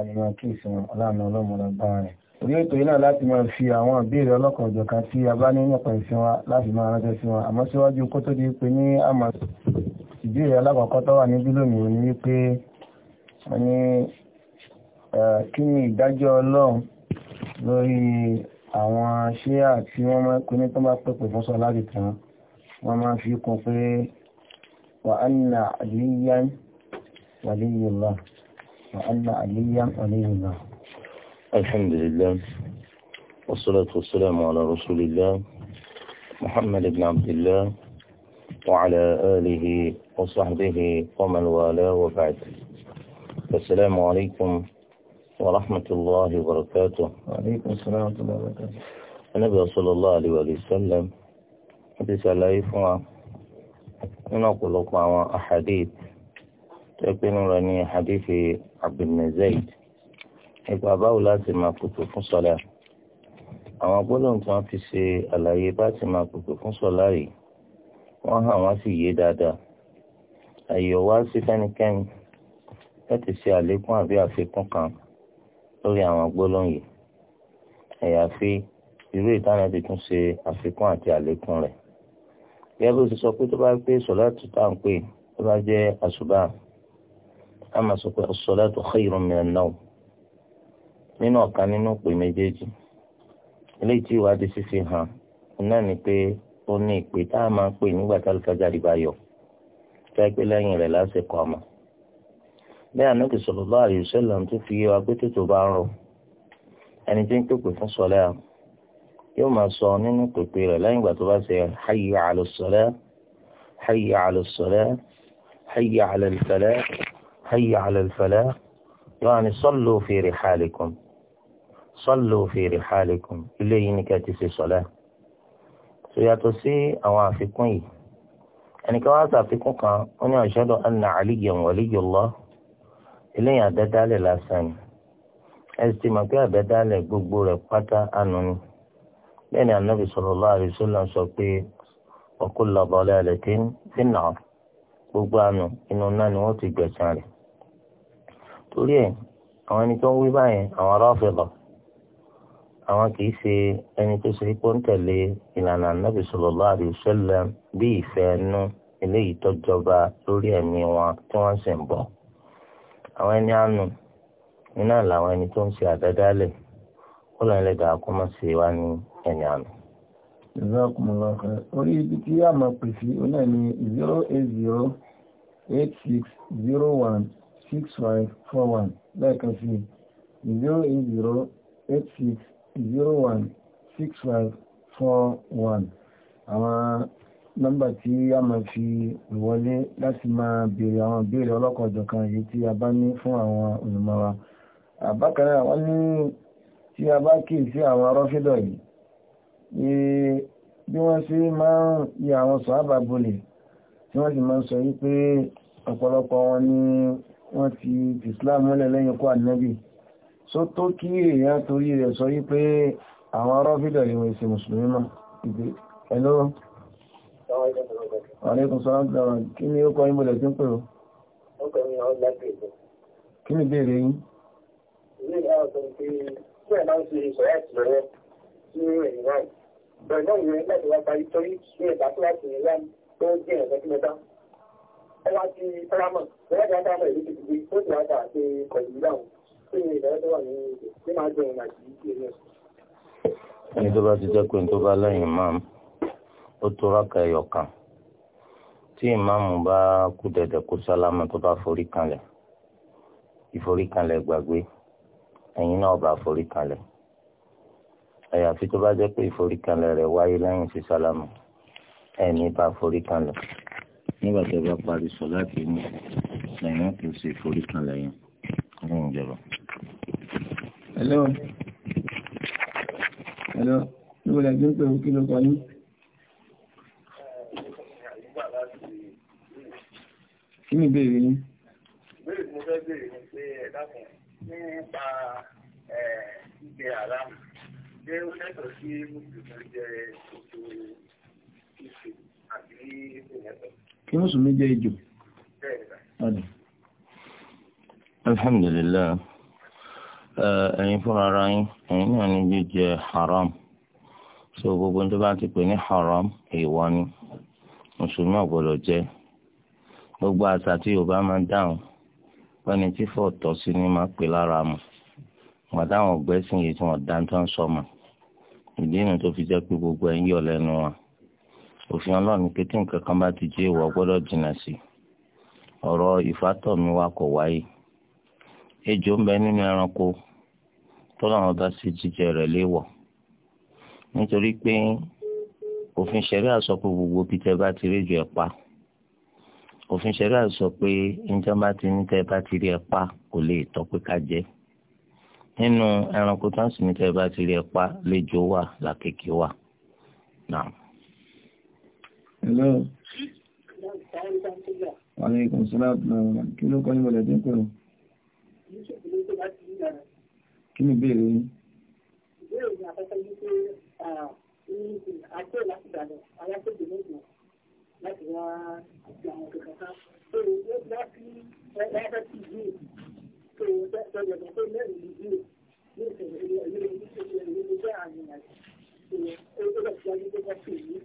àyẹ̀mọ̀ kíìsì wọn ọlọ́run ọlọ́run ọba rẹ̀ orí ètò yìí náà láti máa fi àwọn ìbéèrè ọlọ́kọ̀ọ̀jọ̀ kan tí a bá ní nípa ìsìn wa láti máa ránṣẹ́ sí wọn àmọ́ síwájú kó tó di pé ní àmọ́ ìbéèrè alákọ̀ọ́kọ́ tó wà níbí lónìí ni wípé wọ́n ní kí ni ìdájọ́ ọlọ́run lórí àwọn ṣíà tí wọ́n máa pín ní tó máa pẹ̀pẹ̀ fún sọ láti tàn wọ́n máa fi kún pé wà á nà àlíyá wàlíyìí lọ́wọ́ وأن عليا ولي الله الحمد لله والصلاة والسلام على رسول الله محمد بن عبد الله وعلى آله وصحبه ومن والاه وبعد السلام عليكم ورحمة الله وبركاته وعليكم السلام ورحمة الله وبركاته النبي صلى الله عليه وسلم حديث الله يفوى ونقول لكم أحاديث tẹ́pẹ́nu rẹ̀ ní hadithi abdulmezid nípa báwo láti máa pèpè fún sọ́lá àwọn gbólóhùn tí wọ́n fi ṣe àlàyé bá ti máa pèpè fún sọ́lá yìí wọ́n hàn wọ́n sì yé dáadáa àyè wá sí fẹ́nikẹ́ni láti ṣe àlékún àbí àfikún kan lórí àwọn gbólóhùn yìí àyàfi irú ìtànàbí tún ṣe àfikún àti àlékún rẹ̀ gẹ́gẹ́ bí ti sọ pé tó bá pé sọ́lá tó tá ń pè tó bá jẹ́ àṣùbà a máa sọ pé as-salatu khayrun min an-nawm nínú ọ̀kan nínú ìpè méjèèjì eléyìí tí ìwádìí fífi hàn náà ni pé ó ní ìpè tá a máa ń pè nígbà tá alùpàjáde bá yọ fẹ́ pé lẹ́yìn rẹ̀ lásìkò ọmọ bẹ́ẹ̀ anábì sallallahu alaihi wasallam tó fi yé wa pé tètè bá ń rọ ẹni tí ń pèpè fún sọlẹ́ yóò máa sọ nínú pèpè rẹ̀ lẹ́yìn ìgbà tó bá ṣe hayya ala sọlẹ́ hayya ala sọlẹ́ hayya ala al-falah yaani sallu fi rihalikum sallu fi rihalikum ilé yìí ni ká ti ṣe sọlá tó yàtọ̀ sí àwọn àfikún yìí ẹnìkan wá sàfikún kan ó ní ashhadu anna Aliyyan waliyullah eléyìí àdádálẹ̀ lásán ni ẹsì mọ̀ pé àdádálẹ̀ gbogbo rẹ̀ pátá ànú ni bẹ́ẹ̀ ni Ànábì sallallahu alaihi wasallam sọ pé wa kullu dalalatin fin-nar gbogbo àánú inú náà ni wọ́n ti gbẹ̀san rẹ̀ torí ẹ̀ àwọn ẹni tó ń wí báyẹn àwọn Rafida àwọn kì í ṣe ẹni tó ṣe pé ó ń tẹ̀lé ìlànà anábì sallallahu alaihi wasallam bí ìfẹ́ ẹnu eléyìí tó jọba lórí ẹ̀mí wọn tí wọ́n sì ń bọ̀. àwọn ẹni àánú iná làwọn ẹni tó ń ṣe àdádálẹ̀ ó lọ ilẹ̀ dàá kó má ṣe wá ní ẹ̀yìn àánú. ìzọ́kùnlọ́ orí ibi tí a mọ̀ pè sí onáà ní zero eight zero eight six zero one six five four one lẹ́ẹ̀kan sí zero zero eight six zero one six five four one àwọn nọ́mbà tí a máa fi wọlé láti máa béèrè àwọn ìbéèrè ọlọ́kọ̀ọ̀jọ̀ kan èyí tí a bá ní fún àwọn olùmọ̀ wa àbákan náà wọ́n ní tí a bá kì í sí àwọn arọ́fídọ̀ yìí ní bí wọ́n sí máa ń yẹ àwọn sọ̀hábà bolè tí wọ́n sì máa ń sọ wípé ọ̀pọ̀lọpọ̀ wọn ní wọ́n ti islam mẹ́lẹ̀ lẹ́yìn kó ànábì só tó kí èèyàn torí rẹ̀ sọ yí pé àwọn arọ́bìdọ̀ ni wọ́n ṣe mùsùlùmí mọ́ ìgbé ẹ̀lọ́ ọ̀rẹ́kùn sọ́rọ̀ dára kí ni ó kọ́ yín bọ̀lẹ̀ tí ń pè ó kí ni béèrè yín Bẹ̀rẹ̀ náà ìrìn láti wá parí torí ní ìgbà tó láti ìrìn láti tó jẹ́ ẹ̀rọ tí mo bá ẹwà ti paramọ lọ́wọ́ ti ata ọmọ ìlú ti gbé ó sì ata àti kọ̀ọ̀dù dáhùn tó ní ìdájọ́ tó wà ní ìgbè tí máa jẹun àti ìgbè náà. ẹni tó bá ti jẹ́ pé tó bá lẹ́yìn máa ó tó rákà ẹyọ kan tí ìmáàmù bá kú dẹ̀dẹ̀ kó sálámà tó bá forí kanlẹ̀ ìforí kanlẹ̀ gbàgbé ẹ̀yin náà bá forí kanlẹ̀ àyàfi tó bá jẹ́ pé ìforí kanlẹ̀ rẹ̀ wáyé lẹ́yìn sí sálámà ẹni bá forí kanlẹ̀ nígbà tí a bá parí sọ láti inú lẹ́yìn náà kì í ṣe ìforí kan lẹ́yìn ọlọ́run ìjọba. hello hello níbo la jẹ́ pé o kí ló kọ ní. kí ni ìbéèrè yín. ìbéèrè tí mo fẹ́ béèrè ni pé ẹ dákun nípa ìgbé àlámù ṣé ó lẹ́tọ̀ọ́ sí mùsùlùmí jẹ oṣù ìṣe àbí ìṣe lẹ́tọ̀ọ́ kí mùsùlùmí jẹ́ ejò. alhamdulillah eh, ẹ̀yin fúnra ara yín ẹ̀yin náà ní jíjẹ haram so gbogbo tó bá ti pè ní haram èèwọ̀ ni mùsùlùmí ò gbọ́dọ̀ jẹ gbogbo àṣà tí yorùbá máa ń dáhùn wọ́n ní tí fọ́ tọ́ sí ni máa pè lára mu wọn táwọn ọ̀gbẹ́sìn yìí tí wọ́n dá tó ń sọ mọ́ ìdí inú tó fi jẹ́ pé gbogbo ẹ̀ ń yọ̀ lẹ́nu wa òfin ọlọ́run ni pé tí nǹkan kan bá ti jẹ́ ìwọ gbọ́dọ̀ jìnnà sí ọ̀rọ̀ ìfátọ̀mí wa kò wáyé ejò ń bẹ nínú ẹranko tọ́lọ́run bá ṣe jíjẹ rẹ̀ léwọ̀ nítorí pé òfin ṣẹ̀rí àsọ gbogbo bí tẹ́ bá ti rí ju ẹ̀ pa òfin ṣẹ̀rí àsọ pé níjọ́ bá ti ní tẹ́ bá ti rí ẹ̀ pa kò lè tọ́ pé ká jẹ nínú ẹranko tó ń sìn ní tẹ́ bá ti rí ẹ̀ pa lẹ́jọ́ wà làkèké wà náà. Hello. Wàlé ìkùnsílá ọ̀pọ̀lọpọ̀ kí ló kọ́ níbọ̀lẹ̀ tí ń pẹ̀lú? Kí ni ìbéèrè yìí? Ìbéèrè ni àfẹ́fẹ́ yìí pé àjọ láti àwọn òkèkè kan. láti ẹgbẹ́ ti tó tẹ́jọ lọ pé mẹ́rin ní gbé ní ìṣẹ̀lẹ̀ ilé ó lọ sí tó bá ṣe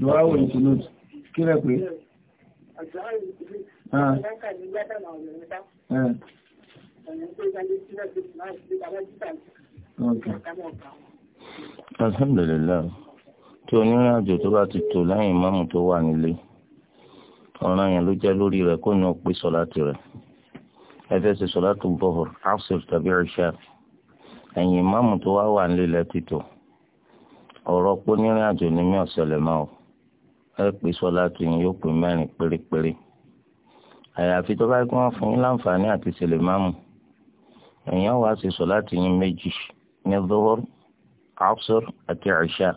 dùwáwò ìtùnútù kí rẹ̀ ah. pé eh. alhamdulillah tí onírìn àjò tó bá ti tò lẹ́yìn mọ́mù tó wà nílé ọ̀ràn yẹn ló jẹ́ lórí rẹ̀ kó ní òpin sọ̀láàtì rẹ̀ ẹ̀fẹ́ ṣe sọ̀láàtì bọ̀hùr asr tàbí ìṣà ẹ̀yìn mọ́mù tó wá wà nílé lẹ́tìtò ọ̀rọ̀ pé onírìn àjò ní mí ọ̀sẹ̀lẹ̀ máa ò ẹ pè sọlá tó yín yóò pè mẹ́rin pérépéré àyàfi tó bá gbé wọn fún yín láǹfààní àti ṣẹlẹ̀ máa mú èèyàn wàá ṣe sọlá tó yín méjì ní dọ́wọ́r asr àti ìṣà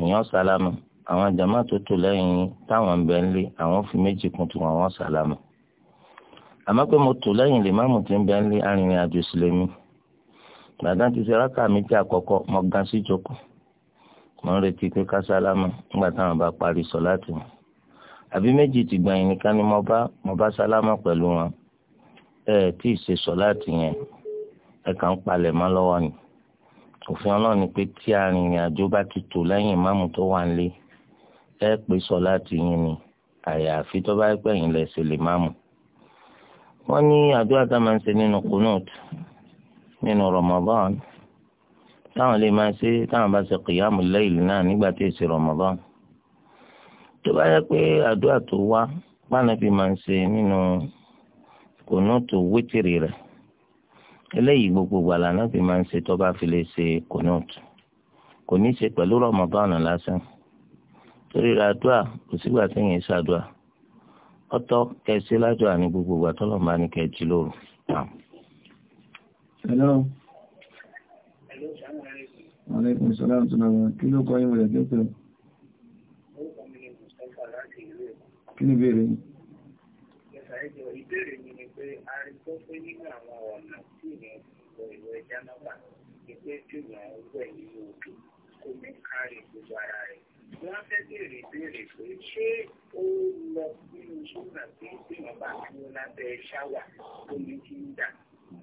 èèyàn sálámù àwọn jàmá tó tò lẹ́yìn yín táwọn ń bẹ ń lé àwọn fi méjì kún tiwọn àwọn sálámù àmọ́ pé mo tò lẹ́yìn lè máàmù tí ń bẹ lé arìnrìn àjò sílẹ̀ mi gbàgán ti ṣe rákà méjì àkọ́kọ́ mo sí jókòó wọ́n retí pé kásálámà nígbà táwọn bá parí sọ láti wọn àbí méjì ti gbẹ̀yìn nìkan ni mo bá mo bá sálámà pẹ̀lú wọn ẹ tí ì ṣe sọ láti yẹn ẹ kàn ń palẹ̀ mọ́ lọ́wọ́ ni òfin ọlọ́run ni pé tí arìnrìn àjò bá ti tò lẹ́yìn ìmáàmù tó wà nílé ẹ pè sọ láti ni àyàfi tó bá pẹ́ yín lẹ́sẹ̀ lè máàmù. wọ́n ní àdúrà tá máa ń ṣe nínú kunut táwọn lè máa ṣe táwọn bá ṣe kìyàmù láìlì náà nígbà tí èsì Ramadan tó bá yẹ pé àdúrà tó wá pàànàbí máa ń ṣe nínú kònóòtù wítìrì rẹ̀ eléyìí gbogbo gbàlà náà fi máa ń ṣe tó bá fi lè ṣe kònóòtù kò ní í ṣe pẹ̀lú Ramadan lásán torí àdúrà kò sígbà tí yẹn ṣàdúrà ọ̀tọ̀ kẹsí ládùúrà ní gbogbo gbàtọ́ lọ́mọba ní kẹjì lóru. Àlékún ìṣọ́lá ìtùnà wọn, kí ló kọ́ ìmọ̀lẹ̀ tó pẹ̀lú? Kí ni ìbéèrè yìí? ni pé a rí tó pé nínú àwọn ọ̀nà tí ìyẹn ìwọ̀ ìwọ̀ ẹja ìpé tí ìyẹn ọgbẹ̀ nínú òkè, kò ní kárí gbogbo pé ṣé ó lọ nínú ṣúgbà tí ìyẹn bá kí ó lábẹ́ ṣáwà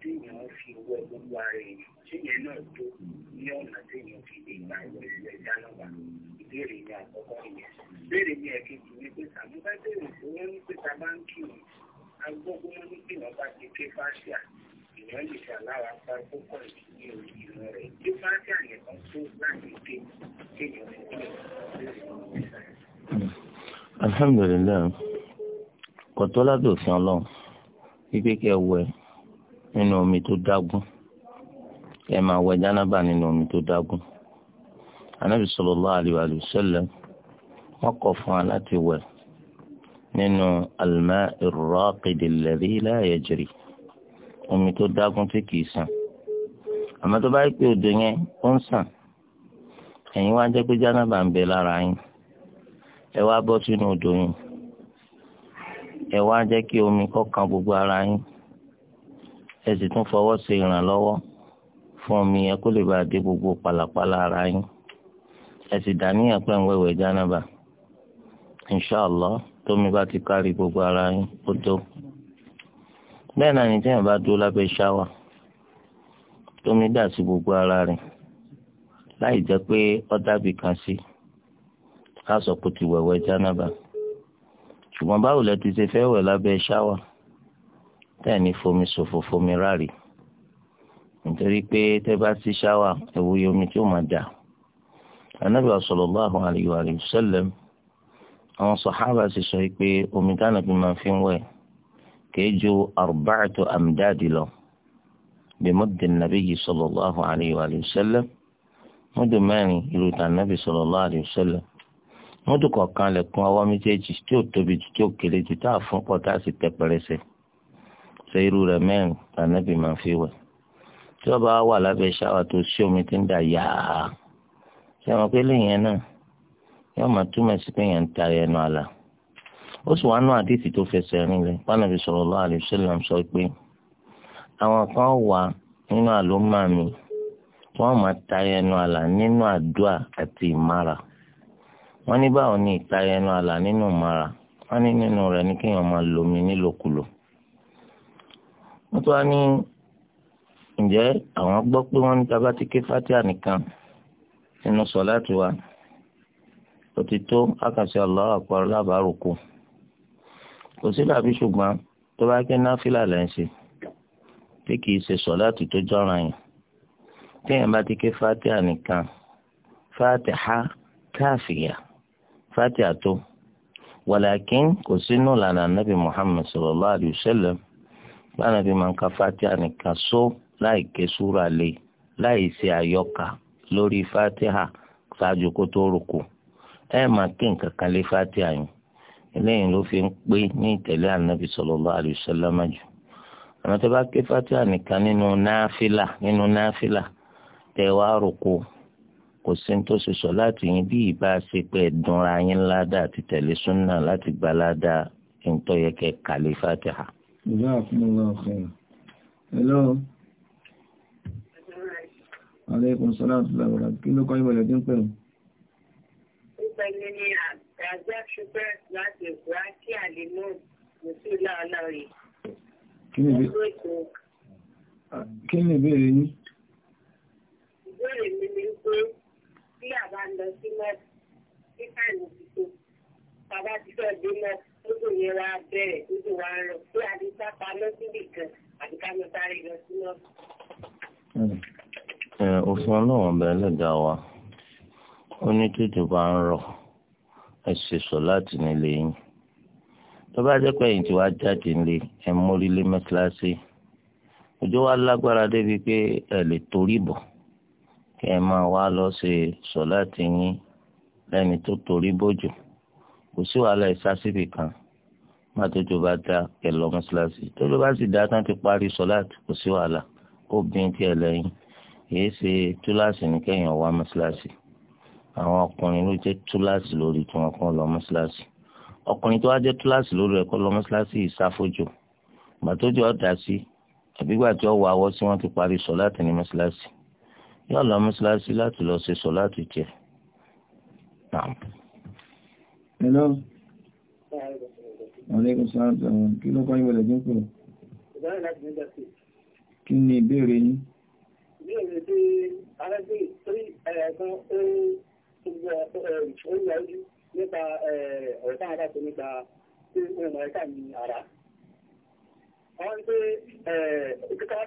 téèyàn fi wọ gbogbo ara ẹ̀ téèyàn náà tó ní ọ̀nà téèyàn fi lè gba ìwọ ilẹ̀ dáná wà ìbéèrè ní àkọ́kọ́ yẹn. béèrè ní ẹ̀kejì ni pé tàbí bá béèrè pé wọ́n ní pé tàbá ń kírun agbọ́gbọ́ wọn ní pé wọ́n bá ti ké fáṣíà ìyẹn lè ṣàlára pa púpọ̀ ní ìran rẹ̀ ké fáṣíà nìkan tó láti ké téèyàn fi ké alhamdulilayi kọtọla do sàn lọ kíkẹ́ kẹ wẹ̀ nínú omi tó dágún ẹ máa wẹ jánábà omi tó dágún anábì sallallahu alaihi wa sallam wọ́n kọ̀ fún wa láti wẹ̀ nínú al-ma'ir omi tó dágún tí kìí sàn àmọ́ tó bá yẹ pé odò yẹn ó ń sàn ẹ̀yin wá jẹ́ pé jánábà ń bẹ lára yín ẹ wá omi kó gbogbo ara yín ẹ sì tún fọwọ́ ṣe ìrànlọ́wọ́ fún omi yẹn kó lè bá a dé gbogbo pàlàpàlà ara yín ẹ sì dàníyàn pé ń wẹ̀wẹ̀ jánàbà inṣàlá tómi bá ti kárí gbogbo ara yín ó tó bẹ́ẹ̀ náà ni téèyàn bá dúró lábẹ́ ṣáwà tómi dà sí gbogbo ara rẹ̀ láì jẹ́ pé ó dàbí kan sí ká ti wẹ̀wẹ̀ jánàbà ṣùgbọ́n báwo lẹ ti ṣe fẹ́ wẹ̀ lábẹ́ ṣáwà tẹ́ẹ̀ ní fomi ṣòfò fomi ráàlì nítorí pé tẹ́ bá sí ṣáwà ewu yomi tí ó máa dà anabi sallallahu alayhi wa sallam àwọn sàhábà sì sọ pé omi táwọn fi máa fi ń wẹ̀ kìí ju arba'atu amdadi lọ bi muddi nabiyyi sallallahu alayhi wa sallam mọ́tò mẹ́rin ìlú tànàbì sallallahu alayhi mọ́tò kọ̀ọ̀kan lẹ̀kùn ọwọ́ méjèèjì tí ó tóbi tí ó kéré jù tá fún pọ̀ tá a sì tẹ́ pẹrẹsẹ̀ ṣe irú rẹ̀ mẹ́rin lànàbì máa fi wẹ̀ tí ọba wà lábẹ́ ṣáwà tó ṣí omi tí ń dà yáa ṣe àwọn pélé yẹn náà yóò máa túmọ̀ sí pé yẹn ń ta ẹnu àlà ó sì wá nú àdìsí tó fẹsẹ̀ rinlẹ̀ pánàbí sallallahu alaihi wasallam sọ pé àwọn kan wà nínú àlómà mi wọ́n máa ta ẹnu àlà nínú àdúà àti ìmára wọ́n ní báwo ni ìta ẹnu àlà nínú ìmára wọ́n ní nínú rẹ̀ ní kéèyàn máa lomi nílòkulò. wọ́n tún wá ní ǹjẹ́ àwọn gbọ́ pé wọ́n ní tábà ké fatia nìkan wa ó ti tó àkàṣe Allahu Akbar lábàárùkù kò sí dàbí ṣùgbọ́n tó bá ké náfìlà lẹ́ ń ṣe pé kì í ṣe sọ̀láàtì tó jọra yẹn téèyàn bá ti ké fatia nìkan fatiha fatia tó wàlàkín kò sínú lànà nàbì Muhammad sallallahu báwọn ẹbí máa ń ka fatiha nìkan só láì ké súra láì ṣe àyọkà lórí fatiha ṣáájú kó tó rúkú ẹ máa kí nǹkan kan lé fatiha yìí eléyìí ló fi ń pé ní ìtẹ̀lé ànábì sallallahu alaihi wasallam jù àwọn tó bá ké fatiha nìkan nínú náfìlà nínú náfìlà tẹ wá rúkú kò sí tó ṣe sọ láti yín bí ìbá ṣe pé ẹ̀dùnra yín ládàá àti tẹ̀lé súnà láti gba ládàá ìtọ́yẹkẹ kàlífàtìhà. Jazakumullahu khairan. Hello. Alaykum salaam wa rahmatullahi. Kí ló kọ́ ìwọ̀lẹ̀ tí ń pẹ̀rù? Ìpẹ̀lẹ̀ ni àgbà ṣùgbẹ́ láti ìgbà kí àlèmọ́ Mùsùlá Ọlọ́rẹ̀. Kí ni ìbéèrè yín? Ìbéèrè mi ni pé bí àbá lọ sí mọ́ sí káàlù tuntun, bàbá ti fẹ́ dé mọ́ tótó yẹn wá bẹ̀rẹ̀ tótó wá lọ pé àdìsá pa lọ́síbì kan àti kámi sáré lọ sí lọ. Hmm. Eh, òfin ọlọ́run ọba ẹlẹ́dàá wa ó ní tètè bá ń rọ̀ ẹ ṣe sọ láti nílé yín tó bá jẹ́ pé ẹ̀yìn tí wàá jáde nílé ẹ mórí lé mẹ́kíláṣí òjò wa lágbára débi pé ẹ lè torí bọ̀ kí ẹ máa wá lọ ṣe sọ láti yín lẹ́ni tó torí bójú kò sí wàhálà ìsá síbì kan má tójú bá dá kẹlọ mọ́ṣáláṣí tójú bá sì dá tán ti parí sọ́láàtì kò sí wàhálà kó bín tiẹ̀ lẹ́yìn èyí ṣe túláàsì ní kẹ́yìn ọ̀wá mọ́ṣáláṣí àwọn ọkùnrin ló jẹ́ túláàsì lórí tí wọ́n kàn lọ mọ́ṣáláṣí ọkùnrin tó wá jẹ́ túláàsì lórí ẹ̀kọ́ lọ mọ́ṣáláṣí ìsáfójò gbà tójú sí àbígbà tí ọwọ́ awọ́ tí wọ́n ti parí sọ́láàtì ní mọ́ṣáláṣí yóò lọ mọ́ṣáláṣí láti lọ ṣe sọ́láàtì tiẹ̀. Hello. Àlékún sáàtà kí ló kọ́ ìwọlẹ̀ tí ń Kí ni ìbéèrè yín? Ìbéèrè tí arábìnrin tí ẹ̀ẹ̀kan ó yàjú nípa ọ̀rẹ́ táwọn tó nípa tí ohun ẹ̀ka ní ara. Wọ́n pé kíkọ́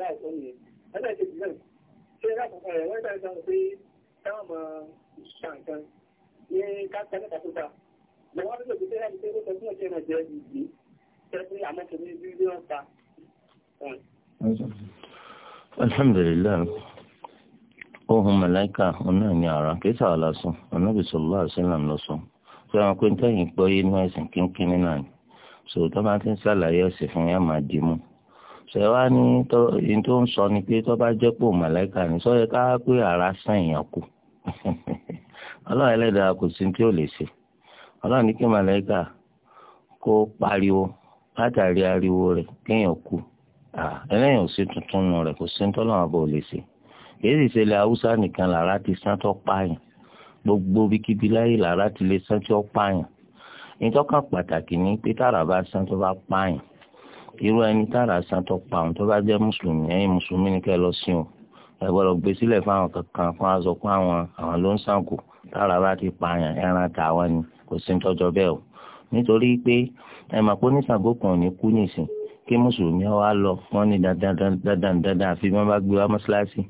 wá sí ṣé lákòókò rẹ̀ wọ́n dájọ́ pé táwọn mọ̀ ṣà nǹkan ní káńtà mẹ́ta tó dà lọ́wọ́ wọ́n nílò pé láti pé ó sọ fún ọ̀ṣẹ́ náà jẹ́ ìdí tẹ́sí àmọ́tò ní bílíọ̀n ta. alhamdulillah ohun mẹlẹka ọ̀nà ni ara kì í sàrà lásán ọ̀nàbì sọlá àṣìlám lọ́sàn tí àwọn pé ń tẹ̀yìn gbọ́ yé inú ẹ̀sìn kínkín nínú àná sòtọ́ bá ti ń ṣàlàyé ẹ̀sìn ṣẹ̀wá ní ìyẹn tó ń sọ ni pé tó bá jẹ́ pò mọ̀lẹ́kà ni sọ yẹ ká pé ara sàn èèyàn kù ọlọ́run ẹlẹ́dàá kò sí tí ò lè ṣe ọlọ́run ní kí mọ̀lẹ́kà kó pariwo látàrí ariwo rẹ̀ kéèyàn kù ẹlẹ́yìn ò sí tuntun nù rẹ̀ kò sí tọ́lọ́run àbò lè ṣe èyí sì ṣe ilẹ̀ haúsá nìkan làrá ti sán tó pààyàn gbogbo bíkíbi láyé làrá ti lè sán tó pààyàn ìtọ́ka pàtàkì ni pé tààrà bá sán tó bá pààyàn irú ẹni tára san tó pa òun tó bá jẹ́ mùsùlùmí ẹ̀yin mùsùlùmí ni kẹ́ lọ sí òun ẹ gbọ́dọ̀ gbé sílẹ̀ fáwọn kankan fún aṣọ fún àwọn àwọn ló ń sànkù tára bá ti pààyàn ẹran tàwa ni kò sí tọ́jọ́ bẹ́ẹ̀ o nítorí pé ẹ mà pé oníṣàngó kan ò ní kú nìsín kí mùsùlùmí wa lọ wọn ní dandan dandan dandan àfi wọn bá gbé wa mọ́ṣáláṣí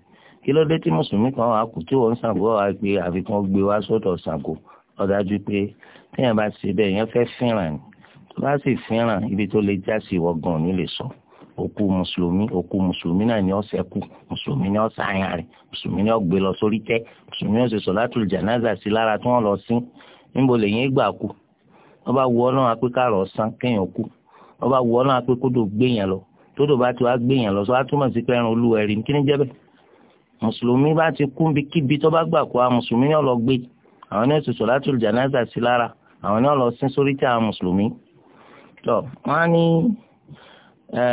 kí ló dé tí mùsùlùmí kan wà kù tí wọn Ṣàngó wà pé àfikún gbé wa sọ́dọ̀ Ṣàngó ó pé téèyàn bá ṣe bẹ́ẹ̀ yẹn fẹ́ fìràn bá sì fẹ́ràn ibi tó lè já sí wọ́gàn ní lè sọ òkú mùsùlùmí òkú mùsùlùmí náà ni ó ṣẹ́kù mùsùlùmí ni ó ṣàyàn rẹ̀ mùsùlùmí ni ó gbé lọ sórí tẹ́ mùsùlùmí ó ṣe sọ̀látùl jánásà sí lára tí wọ́n lọ sí níbo lèyìn gbà kú wọ́n bá wù ọ́ náà pé káàrọ̀ san kéèyàn kú wọ́n bá wù ọ́ náà pé kódò gbéyàn lọ tódò bá ti wá gbéyàn lọ sọ wá túmọ̀ sí pé ẹran olúwa ẹ̀rí kí ni jẹ́ mùsùlùmí bá ti kú níbikíbi tó bá gbà kú àwọn mùsùlùmí náà lọ gbé àwọn náà ṣe sọ̀látùl jánásà sí lára àwọn náà lọ sin sórí tẹ́ àwọn mùsùlùmí tọ́ wọ́n ní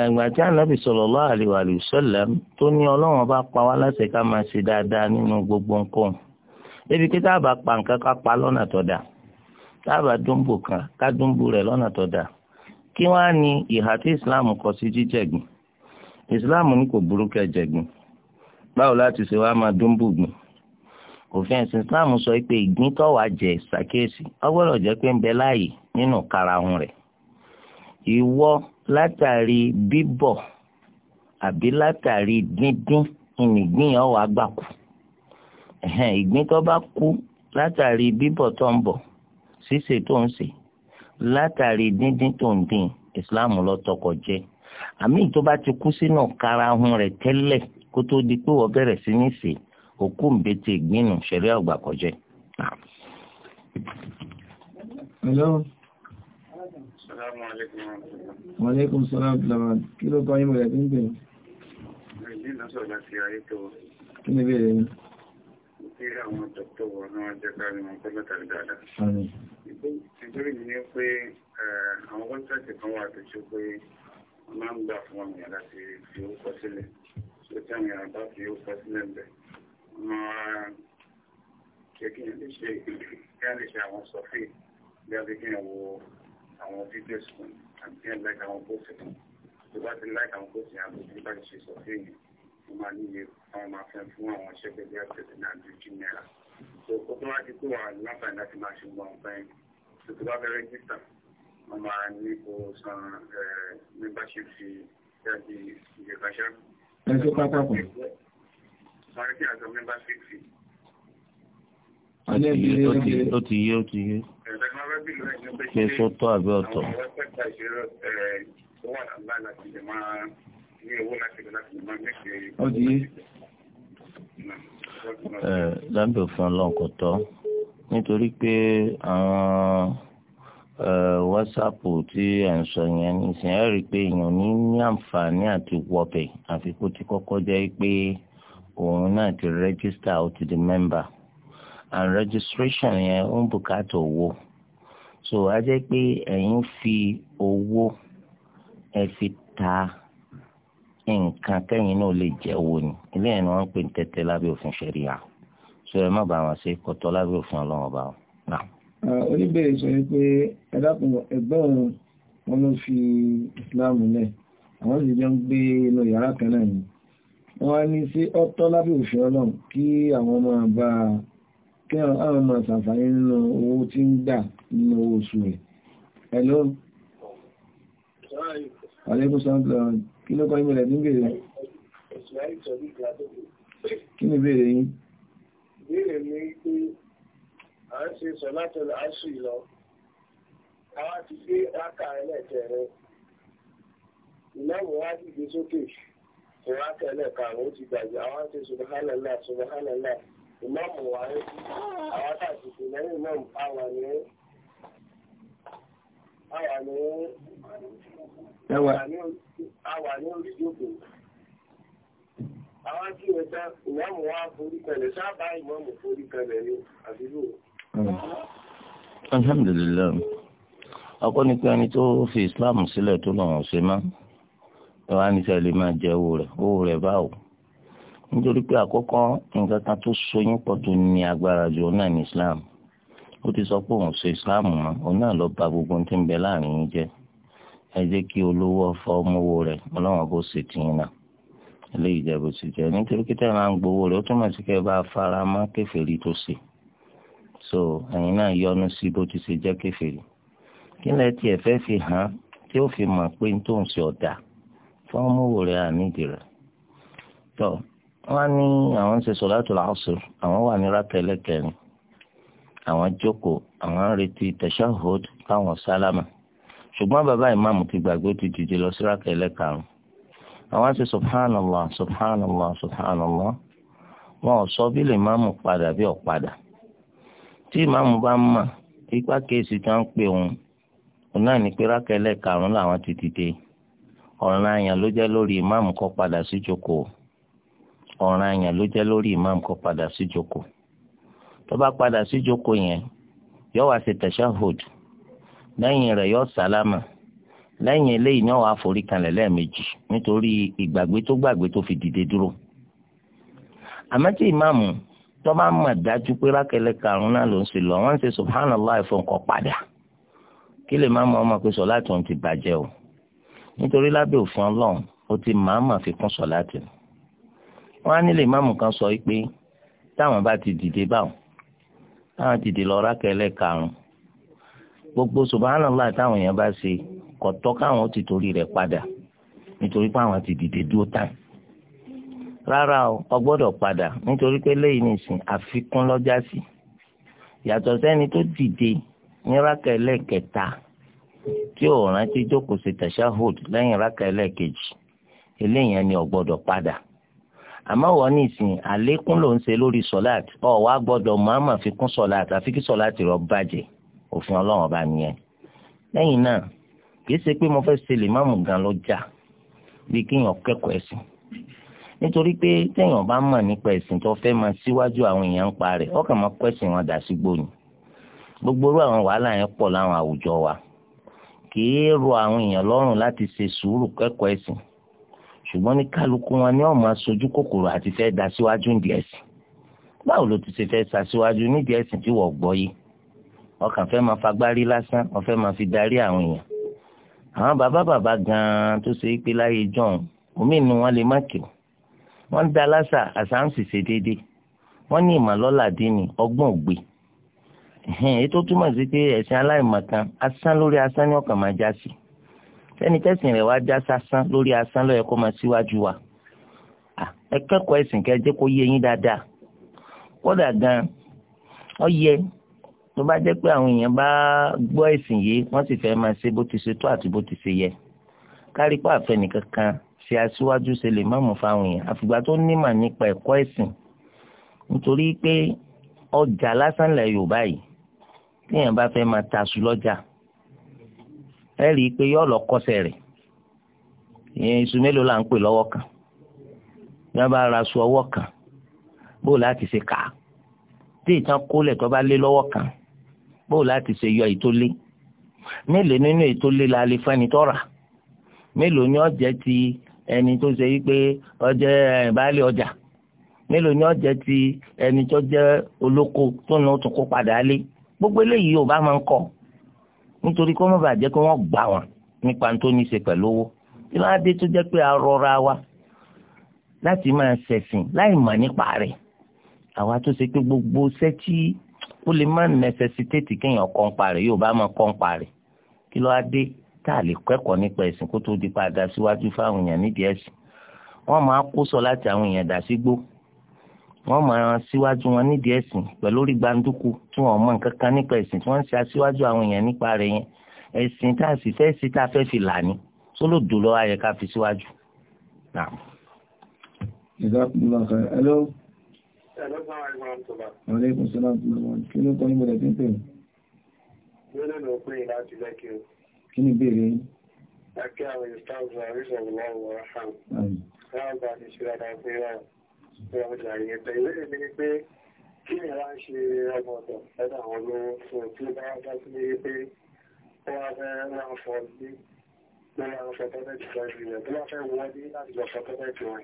ìgbà tí ànábì sallallahu alaihi wasallam tó ní ọlọ́run bá pa wá láṣẹ ká máa ṣe dáadáa nínú gbogbo nǹkan ebi kí tá pa nǹkan ká pa lọ́nà tó dáa tá a bá dúnbò kan ká dúnbò rẹ̀ lọ́nà tó dáa kí wọ́n á ní ìhà tí islam kọ sí jíjẹ̀gbìn islam ní kò burú kẹjẹ̀gbìn báwo láti ṣe wá máa dúnbò gùn. òfin ẹ̀sìn islam sọ pé ìgbín tó jẹ ṣàkíyèsí ó jẹ́ pé ń bẹ láàyè nínú karahun rẹ̀ ìwọ látàrí bíbọ̀ àbí látàrí díndín ìnìgbín yẹn wàá gbà kú ìgbín tó bá kú látàrí bíbọ̀ tó ń bọ̀ ṣíṣe tó ń ṣe látàrí díndín tó ń dín ìsìláàmù ló tọkọ jẹ àmì tó bá ti kú sínú karahun rẹ̀ tẹ́lẹ̀ kó tó di pé wọ́n bẹ̀rẹ̀ sí ní sè òkú ńbẹ́tẹ̀ ìgbínu ṣẹ̀rí ọ̀gbà kọjẹ́. Hello. Wàlékún sọ́lá ìlàmà kí ló kọ́ yínbọn ẹ̀kún pè ní? Kí ni bèèrè ní? Kí àwọn dọ̀tọ̀ wọ̀ náà jẹ́ káàrí wọn kọ́ látàrí dáadáa. Ìgbórí mi ní pé àwọn kọ́ntàkì kan wà tó ṣe pé máa ń gbà fún ọmọ ìyá láti fi ó kọ sílẹ̀. Ṣé tí àwọn ìyá bá fi ó kọ sílẹ̀ bẹ̀? Máa ṣe kí n lè ṣe àwọn sọfí bí a fi kí n wo àwọn fídíò sùn àti ẹ̀ láìka àwọn pósì tó bá ti láìka àwọn pósì yẹn àti nípa ìṣe sọ fún èèyàn tó máa níye àwọn máa fẹ́ fún àwọn iṣẹ́ gbẹgbẹ́ àtẹ̀tẹ̀ ní àdójú náírà tó kó tó wá ti kó wà láǹfààní láti máa ṣe gbọ́n fẹ́yìn tó tó bá fẹ́ rẹ́gísítà wọ́n máa ní kó san membership fi jáde ìjẹ̀káṣá. ẹ ṣe pátákó. wọ́n ó ti yé ó ti yé pé tó tọ́ àbí ọ̀tọ̀. ó ti yé lábẹ́ òfin ọlọ́run kò tọ́ nítorí pé àwọn wásaapù tí à ń sọ yẹn nìsín ẹ rí i pé èèyàn ní ní àǹfààní àti wọbẹ̀ àfi kó ti kọ́kọ́ jẹ́ pé òun náà ti rẹ́gísítà ó ti di mẹ́mbà and registration yẹn ó ń bùkátà owó so a jẹ́ pé ẹ̀yin fi owó ẹ fi ta nǹkan kẹ́yìn náà lè jẹ́ owó ni ilé yẹn ni wọ́n ń pè ní tẹ́tẹ́ lábẹ́ òfin ṣẹ̀ríà so ẹ má bàa wọn ṣe kọ́tọ́ lábẹ́ òfin ọlọ́run ọba wọn náà oníbẹ̀rẹ̀ sọ ní pé ẹ̀dàkùn ẹ̀gbọ́n wọn ló fi ìsìláàmù lẹ̀ àwọn sì jọ ń gbé inú yàrá kan náà ni wọ́n á ní sí ọ̀tọ̀ lábẹ́ òfin ọlọ́run kí àwọn máa bá kí àwọn ọmọ ṣàǹfààní nínú owó tí ń gbà nínú owó oṣù rẹ̀. Hello. Àlékún sọ́ńtọ̀ kí ló kọ́ ìmọ̀lẹ̀ ní bèèrè? Kí ni bèèrè yín? Bèèrè mi pé à ń ṣe sọ látọ̀lá aṣù ìlọ. Àwọn ti gbé rákà ẹlẹ́tẹ̀ rẹ̀. Ìlọ́wọ̀ wá dìde sókè. Ìrákà ẹlẹ́kàrún ti gbàgbé. Àwọn ti subhanallah subhanallah ìmọ̀mù wa rí àwọn tàbí lẹ́yìn náà àwọn ní àwọn ní àwọn ní olùdókò àwọn tí ó tán ìmọ̀mù wa forí kalẹ̀ sábà ìmọ̀mù forí kalẹ̀ ní àdúgbò. Hmm. alhamdulilayi ọkọ ní pé ẹni tó fi islam sílẹ̀ tó lọ́wọ́ ṣe máa ń wá ní sẹ́lẹ̀ máa jẹ́ owó rẹ̀ owó rẹ̀ báwo nítorí pé àkọ́kọ́ nǹkan kan tó so yín pọ̀ tó ní agbára jù ọ̀nà ní islam ó ti sọ pé òun ṣe islam mọ́ òun náà lọ ba gbogbo ohun tí ń bẹ láàrin yín jẹ́ ẹ jẹ́ kí olówó ọ̀fọ̀ ọmọwó rẹ̀ ọlọ́wọ́n kò sì tì yín náà eléyìí jẹ́ bó ti jẹ́ nítorí pé tẹ́lẹ̀ máa ń gbowó rẹ̀ ó túmọ̀ sí kẹ́ bá fara mọ́ kèfèrí tó ṣe so ẹ̀yin náà yọnu sí bó ti ṣe jẹ́ kèfèrí kí lẹ́ tiẹ̀ fẹ́ fi hàn tí ó fi mọ̀ pé ní tó ṣe ọ̀dà fọ́ọ̀mù wò rẹ̀ àníjì rẹ̀ tọ́ wọ́n ní àwọn ń ṣe sọ̀láàtù làásù àwọn wà ní rákẹ́lẹ́kẹ́rin àwọn jókòó àwọn ń retí tashahhud káwọn sálámà ṣùgbọ́n bàbá ìmáàmù ti gbàgbé ti dìde lọ sí rákẹ́lẹ́kàrún àwọn ń ṣe wọn ò sọ bí lè máàmù padà bí tí ìmáàmù bá ń mà ipá kéèsì tí wọ́n ń pè òun náà ní pé làwọn ti dìde ọ̀ràn àyàn ló jẹ́ lórí ìmáàmù padà sí jókòó ọ̀ràn àyàn ló jẹ́ lórí imam kó padà sí jókòó tó bá padà sí jókòó yẹn yóò wá ṣe tashahhud lẹ́yìn rẹ̀ yóò sálámà lẹ́yìn eléyìí náà wàá forí kanlẹ̀ lẹ́ẹ̀mejì nítorí ìgbàgbé tó gbàgbé tó fi dìde dúró àmọ́ tí ìmáàmù tó bá mọ̀ dájú pé rákẹ́lẹ́ karùn náà ló ń ṣe lọ wọ́n ń ṣe subhanallah fún kó padà kí lè má mọ ọmọ pé sọ láti òun ti bàjẹ́ o nítorí lábẹ́ òfin ọlọ́run ó ti máa mà fi kún sọ láti wọ́n á nílé ìmáàmù kan sọ pé táwọn bá ti dìde báwọn táwọn ti dìde lọ rákẹ́lẹ́ karùn gbogbo subhanallah táwọn èèyàn bá ṣe kò tọ́ káwọn ó ti torí rẹ̀ padà nítorí pé àwọn ti dìde dúró tán rárá o ọgbọ́dọ̀ padà nítorí pé lẹ́yìn nìsín àfikún lọ́jà sí yàtọ̀ sẹ́ni tó dìde ní rákà ẹlẹ́kẹta tí ò rántí jókòó ṣe tashahhud lẹ́yìn rákà ẹlẹ́kejì eléyìí ni ọgbọ́dọ̀ padà àmọ́ wọ́n ní ìsìn àlékún ló ń ṣe lórí sọ́láàt ọ̀ wá gbọ́dọ̀ màmá fi kún sọ́láàt àfi kí sọ́láàt rọ bàjẹ́ òfin ọlọ́run ọba nìyẹn. lẹ́yìn náà kì í ṣe pé mo fẹ́ ṣe lè má mú gan ló jà bí kéèyàn kẹ́kọ̀ọ́ ẹ̀sìn nítorí pé téèyàn bá mọ̀ nípa ẹ̀sìn tó fẹ́ máa síwájú àwọn èèyàn ń pa rẹ̀ ọkàn máa kọ́ ẹ̀sìn wọn dà sí gbòòyìn gbogbo irú àwọn wàhálà yẹn pọ̀ láwọn àwùjọ wa kì í rọ àwọn èèyàn lọ́rùn láti ṣe sùúrù kẹ́kọ̀ọ́ ẹ̀sìn ṣùgbọ́n ní kálukú wọn ni ọmọ aṣojú kòkòrò àti fẹ́ da síwájú nídìí ẹ̀sìn báwo ló ti ṣe fẹ́ sa síwájú nídìí ẹ̀sìn tí wọ́n gbọ́ yìí ọkàn fẹ́ máa fagbárí lásán wọ́n fẹ́ máa fi darí àwọn èèyàn àwọn bàbá bàbá gan-an tó ṣe é pé láyé john omi ni wọ́n lè má kí wọ́n da lásà àsáǹsì ṣe déédéé wọ́n ní ìmọ̀lọ́lá dínì ọgbọ́n ògbé ètò túmọ̀ sí pé ẹ̀sìn aláìmọ̀kan asán lórí asán ní ọkàn máa já sí i sẹ́ni tẹ́sìn rẹ̀ wá já sásán lórí asán ló yẹ kó máa síwájú wa ẹ kẹ́kọ̀ọ́ ẹ̀sìn kẹjẹ́ kó yé yín dáadáa kódà gan ọ yẹ tó bá jẹ́ pé àwọn èèyàn bá gbọ́ ẹ̀sìn yìí wọ́n sì fẹ́ máa ṣe bó ti ṣe tó àti bó ti ṣe yẹ kárí pa àfẹnìkan kan ṣe aṣíwájú ṣe lè má mú fáwọn èèyàn àfìgbà tó nímọ̀ nípa ẹ̀kọ́ ẹ̀sìn nítorí pé ọjà lásán lẹ̀ Yorùbá yìí téèyàn bá fẹ́ máa taṣu lọ́jà. Ja ẹ rí i pé yọ lọ kọsẹ̀ rẹ̀ ìyẹn iṣu mélòó la ń pè lọ́wọ́ kan bí wọ́n bá ra aṣọ ọwọ́ kan bó láti ṣe kà á tí ìtàn kólẹ̀ tó bá lé lọ́wọ́ kan bó láti ṣe yọ ètò lé mélòó nínú ètò lé la lè fẹ́ni tó rà mélòó ni ó jẹ́ ti ẹni tó ṣe wípé ó jẹ́ eh, ọjà mélòó ni ó jẹ́ ti ẹni tó jẹ́ olóko tó náà tún kó padà lé gbogbo eléyìí ò bá máa ń kọ́ nítorí kó má bàa jẹ́ kó wọ́n gbà wọ́n nípa tó ní ṣe pẹ̀lú owó tí wọ́n á dé tó jẹ́ pé arọra wa láti máa ṣẹ̀sìn láì mọ̀ nípa rẹ̀ àwa tó ṣe pé gbogbo sẹ́tí ó lè má nẹ́sẹ̀sítéètì kéèyàn kọ́ ń parẹ́ yóò bá máa kọ́ ń parẹ́ kí ló á dé tá a lè kẹ́kọ̀ọ́ nípa ẹ̀sìn kó tó di padà síwájú fáwọn èèyàn nídìí ẹ̀sìn wọ́n máa kó sọ láti àwọn èèyàn dà sígbó wọ́n máa síwájú wọn nídìí ẹ̀sìn pẹ̀lú orí gbàǹdùkú tí wọ́n mọ̀ nǹkan kan nípa ẹ̀sìn tí wọ́n ń ṣe aṣíwájú àwọn èèyàn nípa rẹ̀ yẹn ẹ̀sìn tá a sì fẹ́ sí tá a fẹ́ fi là ní sólòdò lọ ayẹ ká fi síwájú. Kí ni ìbéèrè yín? Akẹ́ àwọn ìstáàzù àríṣà ìwọ̀n wọ̀ ọ̀hán. Láwọn bá ti ṣe dáadáa fún yàrá. Ìbéèrè mi ni pé kí ni wá ń ṣe ọmọ ọ̀dọ̀ lọ́dọ̀ àwọn olówó tó tí ó bá wá dá sílé pé ó wá fẹ́ rán fọ sí ló wá fọ tọ́lẹ̀tì lọ́sí rẹ̀ tó wá fẹ́ wọlé láti lọ fọ tọ́lẹ̀tì wọn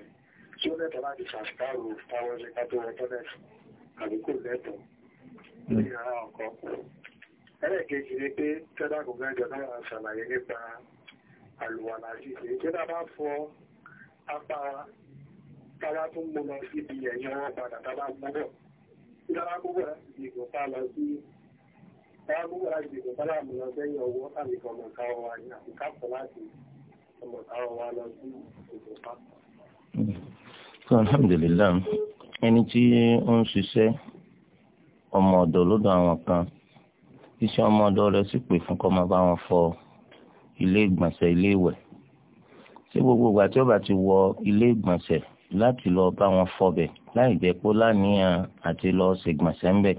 tí ó lẹ́tọ̀ọ́ láti ṣàṣìkárò táwọn ṣe ká tó wọ tọ́lẹ̀tì àbí kò lẹ́tọ̀ọ́ lórí ara ọ̀kọ́. Ẹlẹ́ẹ̀kejì ni pé tẹ́lá kò gbẹ́jọ náà wà ṣàlàyé nípa àlùwàlà ṣíṣe. Tẹ́lá bá fọ apá tàbá tún mọ́ lọ sí ibi ẹ̀yìn wọn padà tàbá gbọ́dọ̀ tàbá gbogbo láti di ìgbò tá lọ sí tàbá gbogbo láti di ìgbò tá láàmú lọ sẹ́yìn ọwọ́ tàbí kọmọ̀ká wa ní àkókápọ̀ láti kọmọ̀ká wa lọ sí ìgbò tá. alhamdulillah ẹni tí ó ń ṣiṣẹ́ ọmọ ọ̀dọ̀ lọ́dọ̀ àwọn kan iṣẹ́ ọmọ ọ̀dọ̀ rẹ̀ sì pè fún kó máa bá wọn fọ ilé ìgbọ̀nsẹ̀ ilé ìwẹ̀ ṣé gbogbo ìgbà tí ó bá ti wọ ilé ìgbọ̀nsẹ̀ láti lọ bá wọn fọbẹ̀ láì jẹ́ pé láníyàn àti lọ ṣègbọ̀nsẹ̀ ńbẹ̀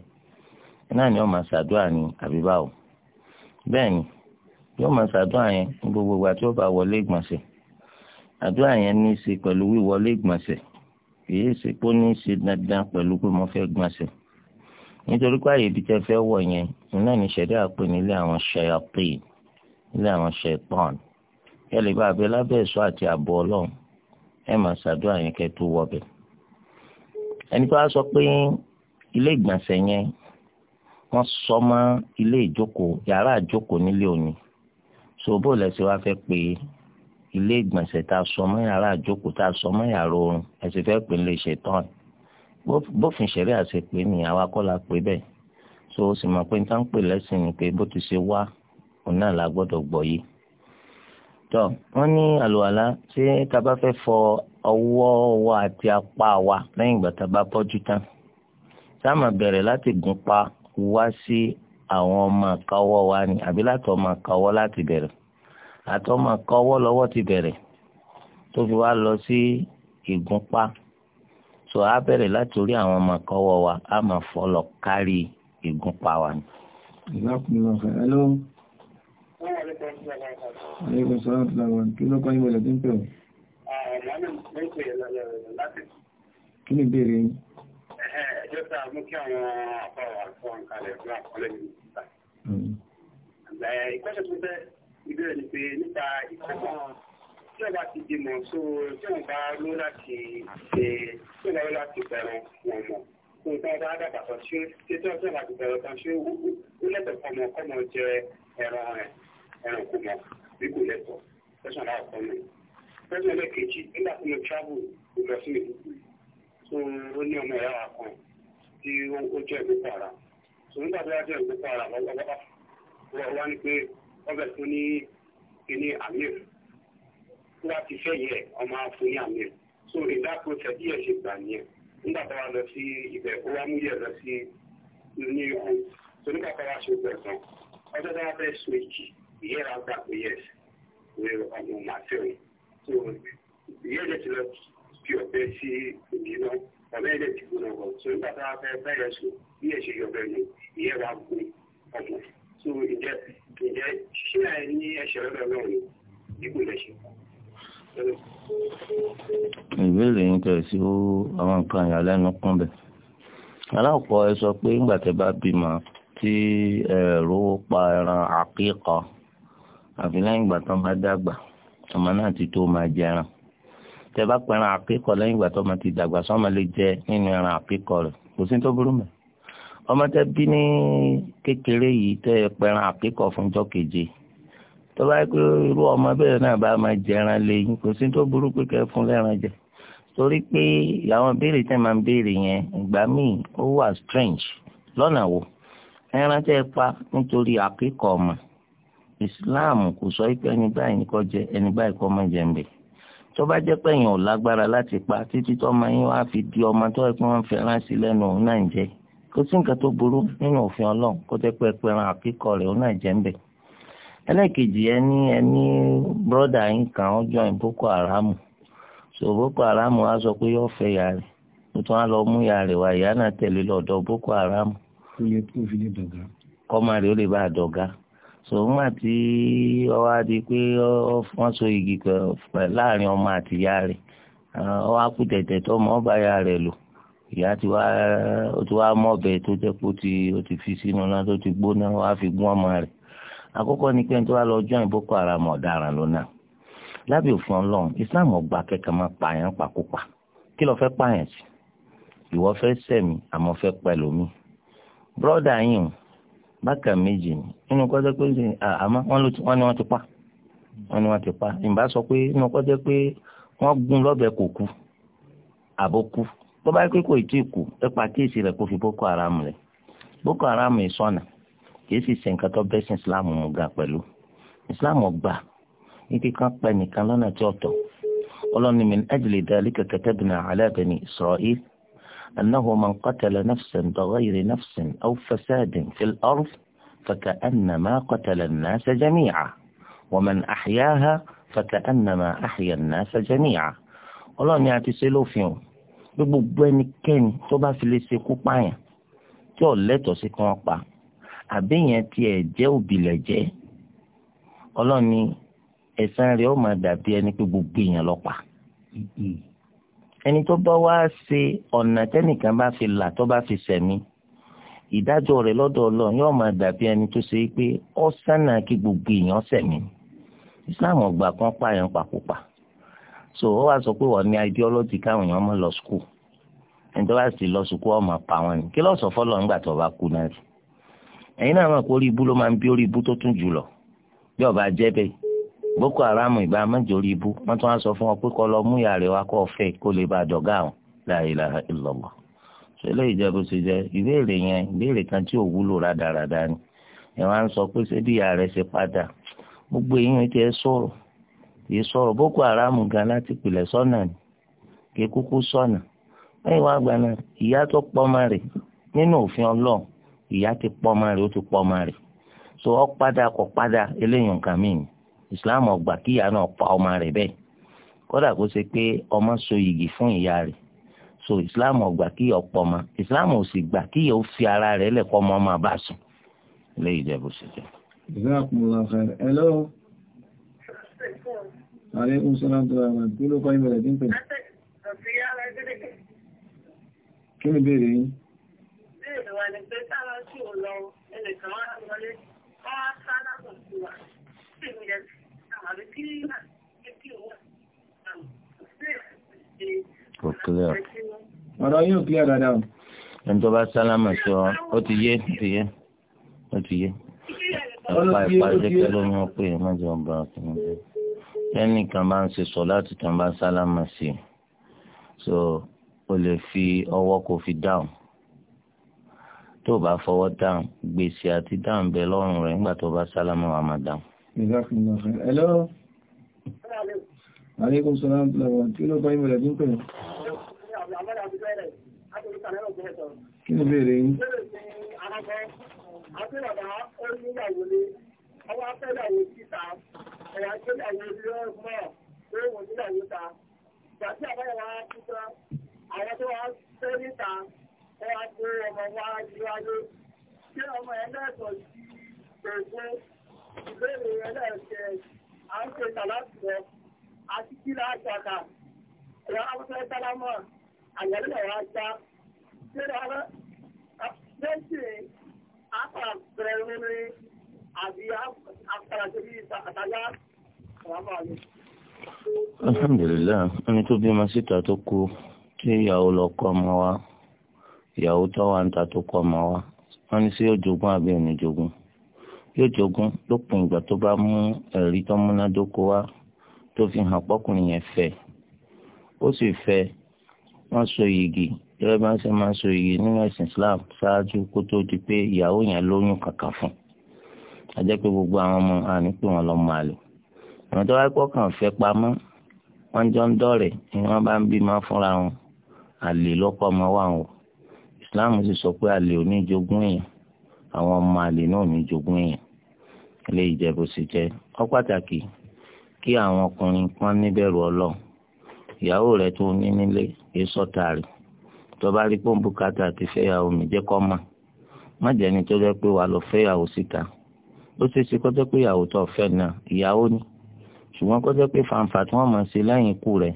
náà ni yóò máa ṣàdúrà ní àbíbá o bẹ́ẹ̀ ni yóò máa ṣàdúrà yẹn ní gbogbo ìgbà tí ó bá wọlé ìgbọ̀nsẹ̀ àdúrà yẹn ní í ṣe pẹ̀lú wíwọlé ìgbọ̀nsẹ̀ kìí ṣe pé ó ní í ṣe dandan pẹ̀lú pé mo fẹ́ gbọ̀nsẹ̀ nítorí pé àyè ibi tẹ́ fẹ́ yẹn iná ní ṣẹ̀dá pé nílé àwọn ṣẹ̀yàpé nílé àwọn ṣẹ̀pọ̀n kẹ́lẹ́ bá abẹ́ lábẹ́ ẹ̀ṣọ́ àti ààbò ọlọ́run ẹ máa ṣàdúrà yẹn kẹ́ tó wọbẹ̀. ẹni tó wá sọ pé ilé ìgbọ̀nsẹ̀ yẹn wọ́n sọ mọ́ ilé ìjókòó yàrá ìjókòó nílé òní ṣòbó lẹ́sẹ̀ wá fẹ́ pé ilé ìgbọ̀nsẹ̀ tá a sọ mọ́ yàrá ìjókòó tá a sọ mọ́ yàrá oorun ẹ̀sìn fẹ́ pè lè ṣe tán bófin ṣẹ̀rí àṣẹ pé ní àwa kọ́ la pè bẹ́ẹ̀ so ó sì mọ̀ pé ní tá pè lẹ́sìn ni pé bó ti ṣe wá òun náà la gbọ́dọ̀ gbọ́ yìí tọ́ wọ́n ní àlùwàlá ṣé tá a bá fẹ́ fọ ọwọ́ wa àti apá wa lẹ́yìn ìgbà tá a bá bọ́jú tán tá a máa bẹ̀rẹ̀ láti gùn pa wá sí àwọn ọmọ àkàwọ́ wa ni àbí láti ọmọ àkàwọ́ láti bẹ̀rẹ̀ àti ọmọ àkàwọ́ lọ́wọ́ ti bẹ̀rẹ̀ tó fi wá lọ sí ìgúnpá so a bẹ̀rẹ̀ láti orí àwọn ọmọ àkàwọ́ wa a máa fọ lọ kárí ìgúnpá wa ni. ìlàkùnrin ọ̀fẹ́ ẹ lóhùn. Àlékún sọ́rọ̀ tó láwọn kí ló kọ́ ìwọ̀lẹ̀ tó ń pẹ̀lú? Kí ni bèèrè yìí? Ẹjọ́ sáà mú kí àwọn àpáwà fún àǹkalẹ̀ fún àkọlẹ̀ ní ìgbà. Ìkọ́ṣẹ́ tó fẹ́ ìbéèrè ni pé nípa ìkọ́kọ́ tí ọba ti dìmọ̀ tó tí wọ́n bá ló láti ṣe tí wọ́n bá láti bẹ̀rẹ̀ wọn mọ̀ kò tán bá dàgbà tán ṣé tí wọ́n bá ti bẹ̀rẹ̀ tán ṣé ó lẹ́tọ̀ọ́ kọmọ kọmọ jẹ ẹran rẹ̀ ẹran kó mọ bí kò lẹ́kọ̀ọ́ fẹ́sùn náà kọ́ lè fẹ́sùn ẹlẹ́kejì nígbà tí mo travel mo lọ sí ìlú so ó ní ọmọ ìyá wa kan tí ó jẹ́ ìlú para so nígbà tó yá jẹ́ ìlú para lọ́wọ́ wá ní pé ọbẹ̀ tó ní kíní amir tó bá ti fẹ́ yẹ ọmọ afọ ní amir so ìdá process díẹ̀ ṣe gbà nìyẹn nígbà tó wá lọ sí ibẹ̀ ó wá mú lọ sí ní ọ̀hún so nígbà tó wá ṣe gbẹ̀sán ọjọ́ tó wá fẹ́ so èjì hereafter prayers will ọmọ máa fẹ́ wọn. so ìyẹn lẹ́sìn lọ fi ọ̀bẹ sí òbí náà ọ̀bẹ yẹn ti gbóná wọn so nígbà tá a fẹ́ bẹ́ẹ̀ sùn bí ẹ̀ ṣe yọ̀bẹ ni ìyẹn wàá gbé ọmọ. so ǹjẹ́ ǹjẹ́ ṣé àì ní ẹ̀ṣẹ̀ lọ́dọ̀ náà ni dípò lẹ́ṣẹ̀. ìbéèrè yín tẹ̀ sí àwọn nǹkan ìyàlẹ́nu kún bẹ̀. aláwọ̀ ẹ sọ pé ńgbà tẹ bá bímọ tí ẹ̀rọ pa ẹran àkíkọ àfi lẹ́yìn ìgbà tó bá dàgbà ọmọ náà ti tó máa jẹran tẹ bá pẹran àpékọ lẹ́yìn ìgbà tó máa ti dàgbà sọmọ lè jẹ nínú ẹran àpékọ rẹ kò sí tó burú mẹ ọmọ tẹ bí ní kékeré yìí tẹ pẹran àpékọ fúnjọ́ keje tó bá pé irú ọmọ bẹ́ẹ̀ náà bá máa jẹran lẹ́yìn kò sí tó burú pé kẹ fún lẹ́ran jẹ torí pé àwọn béèrè tẹ máa ń béèrè yẹn ìgbà míì ó wà strange lọ́nà wo ẹran tẹ pa nítorí àpékọ ọmọ islam kò sọ pé ẹni báyìí kọ́ jẹ ẹni báyìí kọ́ má jẹ mbẹ tó bá pé láti pa títí tó ọmọ yín wàá fi di ọmọ tó ẹ pé wọ́n fẹ́ òun náà ń jẹ sí nǹkan tó burú nínú òfin Ọlọ́run kó jẹ́ pé ẹpẹran àkíkọ mbẹ ẹlẹ́ẹ̀kejì ẹni ẹni bọ́dà yín kàn join Boko Haram so Boko Haram wá sọ pé yóò fẹ́ ìyá rẹ̀ tún lọ mú ìyá rẹ̀ wá ìyá náà tẹ̀lé lọ́dọ̀ Boko Haram. kó yẹ kó sòwòmà tí ọwọ́ adi pé wọ́n so igi láàrin ọmọ àti ìyá rẹ̀ ọwọ́ akú tẹ̀tẹ̀ tó ọmọ ọba ya rẹ̀ lò ìyá ti wá ó ti wá mọ̀bẹ tó jẹ́ pé ó ti ó ti fi sínú náà tó ti gbóná wá fi gún ọmọ rẹ̀ àkọ́kọ́ ni pé tó wá lọ jọ́ìn boko haram ọ̀daràn lónà lábẹ́ òfin ọlọ́run islam ọgbà kẹ́kẹ́ máa pààyàn pàkópa kí ló fẹ́ pààyàn sí ìwọ fẹ́ sẹ̀mí àmọ́ fẹ́ pẹ̀lú mi bọ́dà yìí bákan méjì ni nínú kọjá pé àmọ́ wọ́n ló ni ti pa wọ́n ni wọ́n ti pa ìbá sọ pé nínú kọjá pé wọ́n gún lọ́bẹ̀ kò kú àbó kú tó bá pé fi Boko Haram rẹ̀ Boko Haram yìí sọnà kìí sì ṣe nǹkan tó bẹ́sìn Islam mu ga pẹ̀lú Islam ọgbà ike kan pẹ nìkan lọnà tí ọ̀tọ̀ أنه من قتل نفسا بغير نفس أو فساد في الأرض فكأنما قتل الناس جميعا ومن أحياها فكأنما أحيا الناس جميعا ọlọ́run ni a ti ṣe lófin o pé gbogbo ẹnikẹ́ni tó bá fi lè ṣekú pààyàn tí ò lẹ́tọ̀ọ́ sí kí wọ́n pa àbẹ́yẹn tiẹ̀ jẹ́ òbílẹ̀ jẹ́ ọlọ́run ni rẹ̀ ó máa dàbí ẹni pé gbogbo èèyàn ló ẹni tó bá wá ṣe ọ̀nà tẹ́nìkan bá fi là tó bá fi sẹ̀mí ìdájọ́ rẹ̀ lọ́dọ̀ ọlọ́run yóò máa dàbí ẹni tó ṣe pé ó sànà kí gbogbo èèyàn sẹ̀mí Islam ọgbà kan pààyàn pàkópa so ó wá sọ pé wọ́n ní ideology káwọn èèyàn máa lọ school ẹni tó bá sì lọ school ọmọ pa wọn ni kí lọ́sọ̀ fọ́lọ́ ńgbà tó bá kú náà rí ẹ̀yin náà mọ̀ pé orí ibú ló máa ń bí orí ibú tó tún jù lọ bí ọba jẹ́ bẹ́ẹ̀ boko haram ìbá mẹjọrí ibú wọn tún wá sọ fún wọn pé kó lọ mú ìyá rẹ̀ wá kó fẹ́ kó lè bá dọ̀gá àwọn la ilaha illallah ṣẹlẹ̀ ìjẹbù ṣe jẹ ìbéèrè yẹn ìbéèrè kan tí ò wúlò rádaràda ni ẹ wá ń sọ pé ṣé bí ìyá rẹ̀ ṣe padà gbogbo èèyàn ti ẹ sọ̀rọ̀ yìí sọ̀rọ̀ boko haram gan láti pìlẹ̀ sọ́nà ni kí kúkú sọ̀nà lẹ́yìn wá gba náà ìyá tó pọ́nmọ́ rẹ̀ nínú òfin ọlọ́run ìyá ti pọ́nmọ́ rẹ̀ ó ti pọ́nmọ́ rẹ̀ so ọ padà kọ padà eléyìí nǹkan mìíràn islam ọgbà kíyà náà pa ọmọ rẹ̀ bẹ́ẹ̀ kódà kó ṣe pé ọmọ so yìgì fún ìyá rẹ̀ so islam ọgbà kíyà ọ̀pọ̀ ọmọ islam ò sì gbà kíyà ó fi ara rẹ̀ lẹkọ ọmọ ọmọ bá sùn ilé ìjẹbù sì jẹ. hello. aleykum salaam tó rà wọn kí ló kọ́ ìbẹ̀rẹ̀ tí ń pè. kí ni ìbéèrè yín. ìbéèrè wa ni pé táwọn sì ò lọ ẹnìkan wá wọlé wọn á sá lápò sí wa sí ìyẹn kò clear ọ̀rọ̀ yóò clear dáadáa o. ẹni tó bá sálámà sọ ó ti yé ó ti yé ó ti yé ọ̀pá ìpàdékẹ́ ló ń pè é má jẹun bá ọkùnrin jẹ. ẹnìkan bá ń ṣe sọ láti tàn bá sálámà sí i so o lè fi ọwọ́ kó fi dáhùn tó o bá fọwọ́ dáhùn gbèsè àti dáhùn bẹ lọ́rùn rẹ̀ nígbà tó o bá sálámà wà má dáhùn. Jazakumullahu khairan. Hello. Alaikum salam lọ́wọ́. Kí ló bá ìmọ̀lẹ̀ dín pẹ̀lú? Kí ni bèèrè yìí? Àwọn tó wá fẹ́ níta, wọ́n á gbé ọmọ wá yíwáyé, kí ọmọ ẹlẹ́sọ̀ yìí pẹ̀lú ìbéèrè ẹlẹ́ẹ̀kẹ́ à ń ṣe tàlásìlọ àti kílá àṣàkà ẹ̀rọ afẹ́fẹ́ sálámọ̀ àyẹ̀lẹ̀ ẹ̀rọ ajá ṣé àpàbẹ̀rẹ̀ rere àbí àpàràṣẹ́bí àtàlá ọ̀rọ̀ alhamdulillah ẹni tó bímọ síta tó kú tí ìyàwó lọ kọ́ ọmọ wa ìyàwó tó wà ń ta tó kọ́ ọmọ wa wọ́n ní sí òjògùn àbí ẹni jogún yóò jogún lópin ìgbà tó bá mú ẹ̀rí tó múnádóko wá tó fi hàn pọ́kùnrin yẹn fẹ́ ó sì fẹ́ wọ́n so yìgì gẹ́gẹ́ bá ń ṣe máa so yìgì nínú ẹ̀sìn Islam ṣáájú kó tó di pé ìyàwó yẹn lóyún kàkà fún ajẹ́ pé gbogbo àwọn ọmọ àní pé wọ́n lọ mọ àlè àwọn tó wá pọ́ kàn fẹ́ pamọ́ wọ́n jọ ń dọ̀rẹ̀ ni wọ́n bá ń bímọ fúnra wọn àlè lọ́pọ̀ ọmọ wa wọn Islam sì sọ pé àlè ò jogún èèyàn àwọn ọmọ àlè náà ní jogún èèyàn eléyìí jẹ́ bó jẹ́ ó pàtàkì kí àwọn ọkùnrin pọ́n níbẹ̀rù ọlọ́run ìyàwó rẹ̀ tó ní nílé kì sọ́ta rẹ̀ tó rí pọ́ǹpù kàtà àti fẹ́yàwó mi jẹ́ kọ́ má jẹ́ ni tó jẹ́ pé wàá lọ fẹ́yàwó síta ó ṣe é ṣe kó jẹ́ pé ìyàwó tó fẹ́ náà ìyàwó ni ṣùgbọ́n kó jẹ́ pé fàǹfà tí wọ́n máa ṣe lẹ́yìn ikú rẹ̀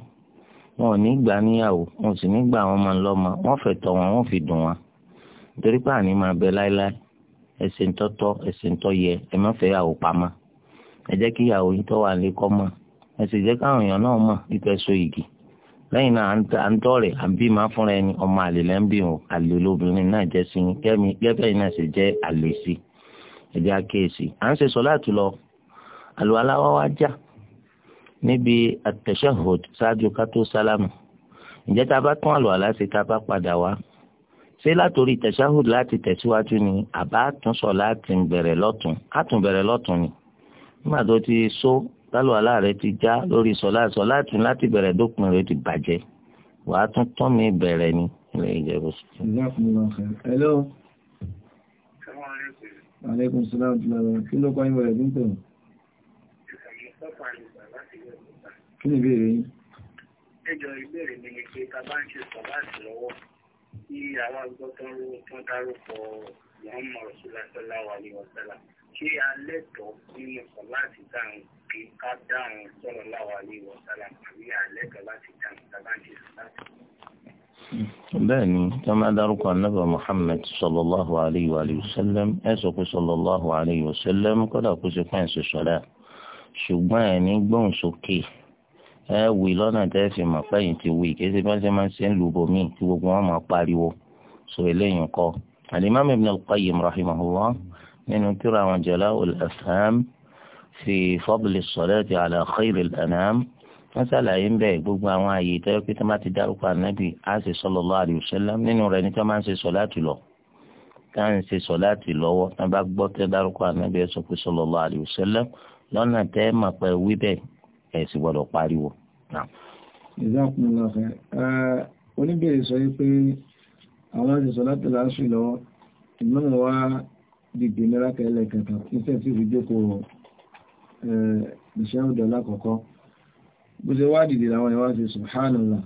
wọn ò ní gbà níyàwó wọn ò sì ní gbà wọn máa lọ́mọ wọn fẹ́ tọ́ wọn wọn fi dùn wọn nítorí pé àní máa bẹ láéláé ẹsẹ̀ ńtọ́tọ́ ẹsẹ̀ ńtọ́yẹ ẹ má fẹ́ yàwó pamọ́ ẹ jẹ́ kí yàwó yín tó wà lé kọ́ mọ̀ ẹ sì jẹ́ káwọn èèyàn náà mọ̀ ìfẹ́ so igi lẹ́yìn náà à ń tọ́rẹ̀ à ń bí máa fúnra ẹni ọmọ àlè lẹ́ ń bí wọn àlè lóbìnrin náà jẹ́ sí yín gẹ́gẹ́ yín náà sì jẹ́ àlè sí ẹ jẹ́ àkíyèsí à ń ṣe sọ láti lọ àlò aláwọ̀ wá já níbi at-tashahhud ṣáájú ká tó sálámù ìjẹ́ tá a bá tún àlò aláṣẹ ká bá padà wá ṣé látòrí tẹ̀sáhùd láti tẹ̀síwájú ni àbá àtúnṣọ láti bẹ̀rẹ̀ lọ́tún àtún bẹ̀rẹ̀ lọ́tún ni nígbà tó ti só lálùwàlá rẹ ti já lórí sọlá sọlá tún láti bẹ̀rẹ̀ dópin rẹ ti bàjẹ́ wàá tún tán mi bẹ̀rẹ̀ ni ilé ìjẹ̀bù. hello. aleykum salaam kí ló kọ́ yín wọlé bí ń tẹ̀wọ̀n. kí ni ìbéèrè yín. ẹjọ́ ìbéèrè mi ni pé ta bá ń ṣe sọ̀láàtì lọ́wọ́ tí àwọn gbọ́ tó ń tó dárúkọ Muhammad Rasulullah sallallahu alaihi wasallam ṣé alẹ́ tọ́ nínú kan láti dáhùn kí ká dáhùn sallallahu alaihi wasallam àbí alẹ́ tọ́ láti dáhùn tàbáǹtì láti. bẹ́ẹ̀ ni tí wọ́n máa dárúkọ anábà Muhammad sallallahu alaihi wa sallam ẹ sọ pé sallallahu alaihi wa sallam kódà kó ṣe fáìn ṣe sọ́dà ṣùgbọ́n ẹ̀ ní gbóhùn sókè ẹ wì lọ́nà tẹ́ fi mọ̀ pẹ́yìn ti wì kí ẹ ṣe bá ṣe máa ń ṣe ń lu bomi tí gbogbo wọn máa pariwo sọ eléyìí kọ́ alimami ibn al-qayyim rahimahullah nínú tírà àwọn jala'ul afham fi fadli salati ala khairil anam wọ́n ṣàlàyé ń bẹ̀ gbogbo àwọn àyè tó yẹ pé tó máa ti dárúkọ ànábì á sì sallallahu alaihi wasallam nínú rẹ̀ ní tó máa ń ṣe sọ̀láàtì lọ ká ń ṣe sọ̀láàtì lọ́wọ́ tó bá gbọ́ tó dárúkọ ànábì ẹ̀ sọ pé sallallahu alaihi lọ́nà tẹ́ mà wí bẹ́ẹ̀ ẹ̀ sì gbọ́dọ̀ pariwo. ìdákùnlọ́fẹ́ oníbèrè sọ pé àwọn ti sọ láti láṣù lọ ìmọ̀mọ̀ wá dìde mẹ́rákẹ́ ẹlẹ́kẹta iṣẹ́ tí fi jókòó ìṣẹ́ òdọ̀ lákọ̀ọ́kọ́ bó ṣe wá dìde làwọn ìwá ṣe subhanallah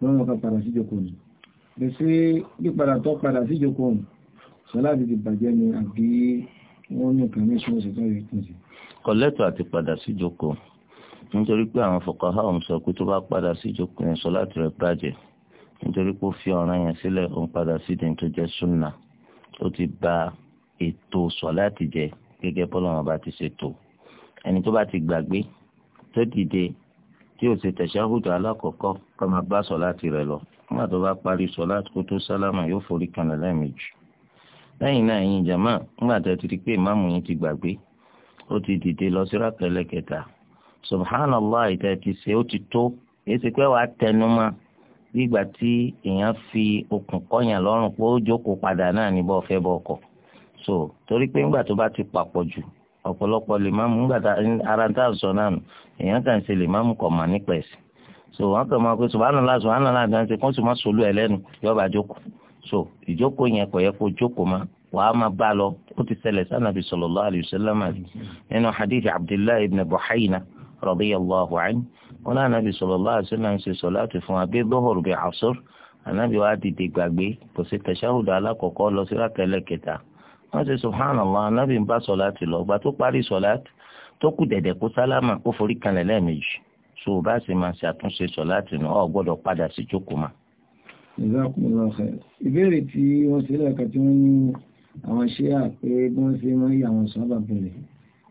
mọ́mọ̀ kan padà sí jókòó ni lè sí pípadà tó padà sí jókòó sọlá ti di bàjẹ́ ni àbí wọ́n ní nǹkan mẹ́sàn-án ṣe tó yẹ kí n ṣe. kọ̀lẹ́tọ̀ àti padà sí jókòó nítorí pé àwọn fuqaha ọ̀hún sọ pé tó bá padà sí ìjókòó yẹn sọ́láàtì rẹ̀ bàjẹ́ nítorí pé ó fi ọ̀ràn yẹn sílẹ̀ òun padà sí ìdí tó jẹ́ súnà ó ti ba ètò sọ́láàtì jẹ́ gẹ́gẹ́ bọ́lọ́mọ bá ti ṣètò ẹni tó bá ti gbàgbé tó dìde tí ó ṣe tẹ̀síáhùdù alákọ̀ọ́kọ́ kó máa bá sọ́láàtì rẹ̀ lọ nígbà tó bá parí sọ́láàtì kó tó sálámà yóò forí kanlẹ̀ lẹ́ẹ̀mejì lẹ́yìn náà yín jàmáà nígbà tó ti rí pé ìmáàmù yín ti gbàgbé ó ti dìde lọ sí rákẹ́lẹ́kẹta subhanallah ìtẹ̀ ti ṣe ó ti tó èyí ti wàá tẹnu mọ́ bí tí èèyàn fi okùn kọ́yàn lọ́rùn pé ó jókòó padà náà ọkọ̀ so torí pé ńgbà tó bá ti papọ̀ jù ọ̀pọ̀lọpọ̀ lè máa mú ńgbà ara à sọ náà nù èèyàn kàn ṣe lè so wọ́n kàn máa pé lẹ́nu yọba so ìjókòó yẹn kò yẹ kó jókòó má máa ti ṣẹlẹ̀ radiyallahu anhu wọn náà nàbì sallallahu alaihi wasallam ṣe sọ̀láàtì fún wa bí dọ́hùrù bí àṣùr ànábì wa dìde gbàgbé kò sí tẹ̀síàhùdà alákọ̀ọ́kọ́ lọ sí rákẹ́lẹ́ kẹta wọ́n ṣe subhanallah ànábì ń bá sọ̀láàtì lọ gbà tó parí sọ̀láàtì tó kù dẹ̀dẹ̀ kó sálámà kó forí kanlẹ̀ lẹ́ẹ̀mejì so bá sì máa ṣàtúnṣe sọ̀láàtì náà ò gbọ́dọ̀ padà sí jókòó ma. ìbéèrè tí wọ́n ṣe lẹ́ẹ̀kan tí wọ́n ní àwọn ṣé àpé bí wọ́n ṣe máa ń yà àwọn sábà bẹ̀rẹ̀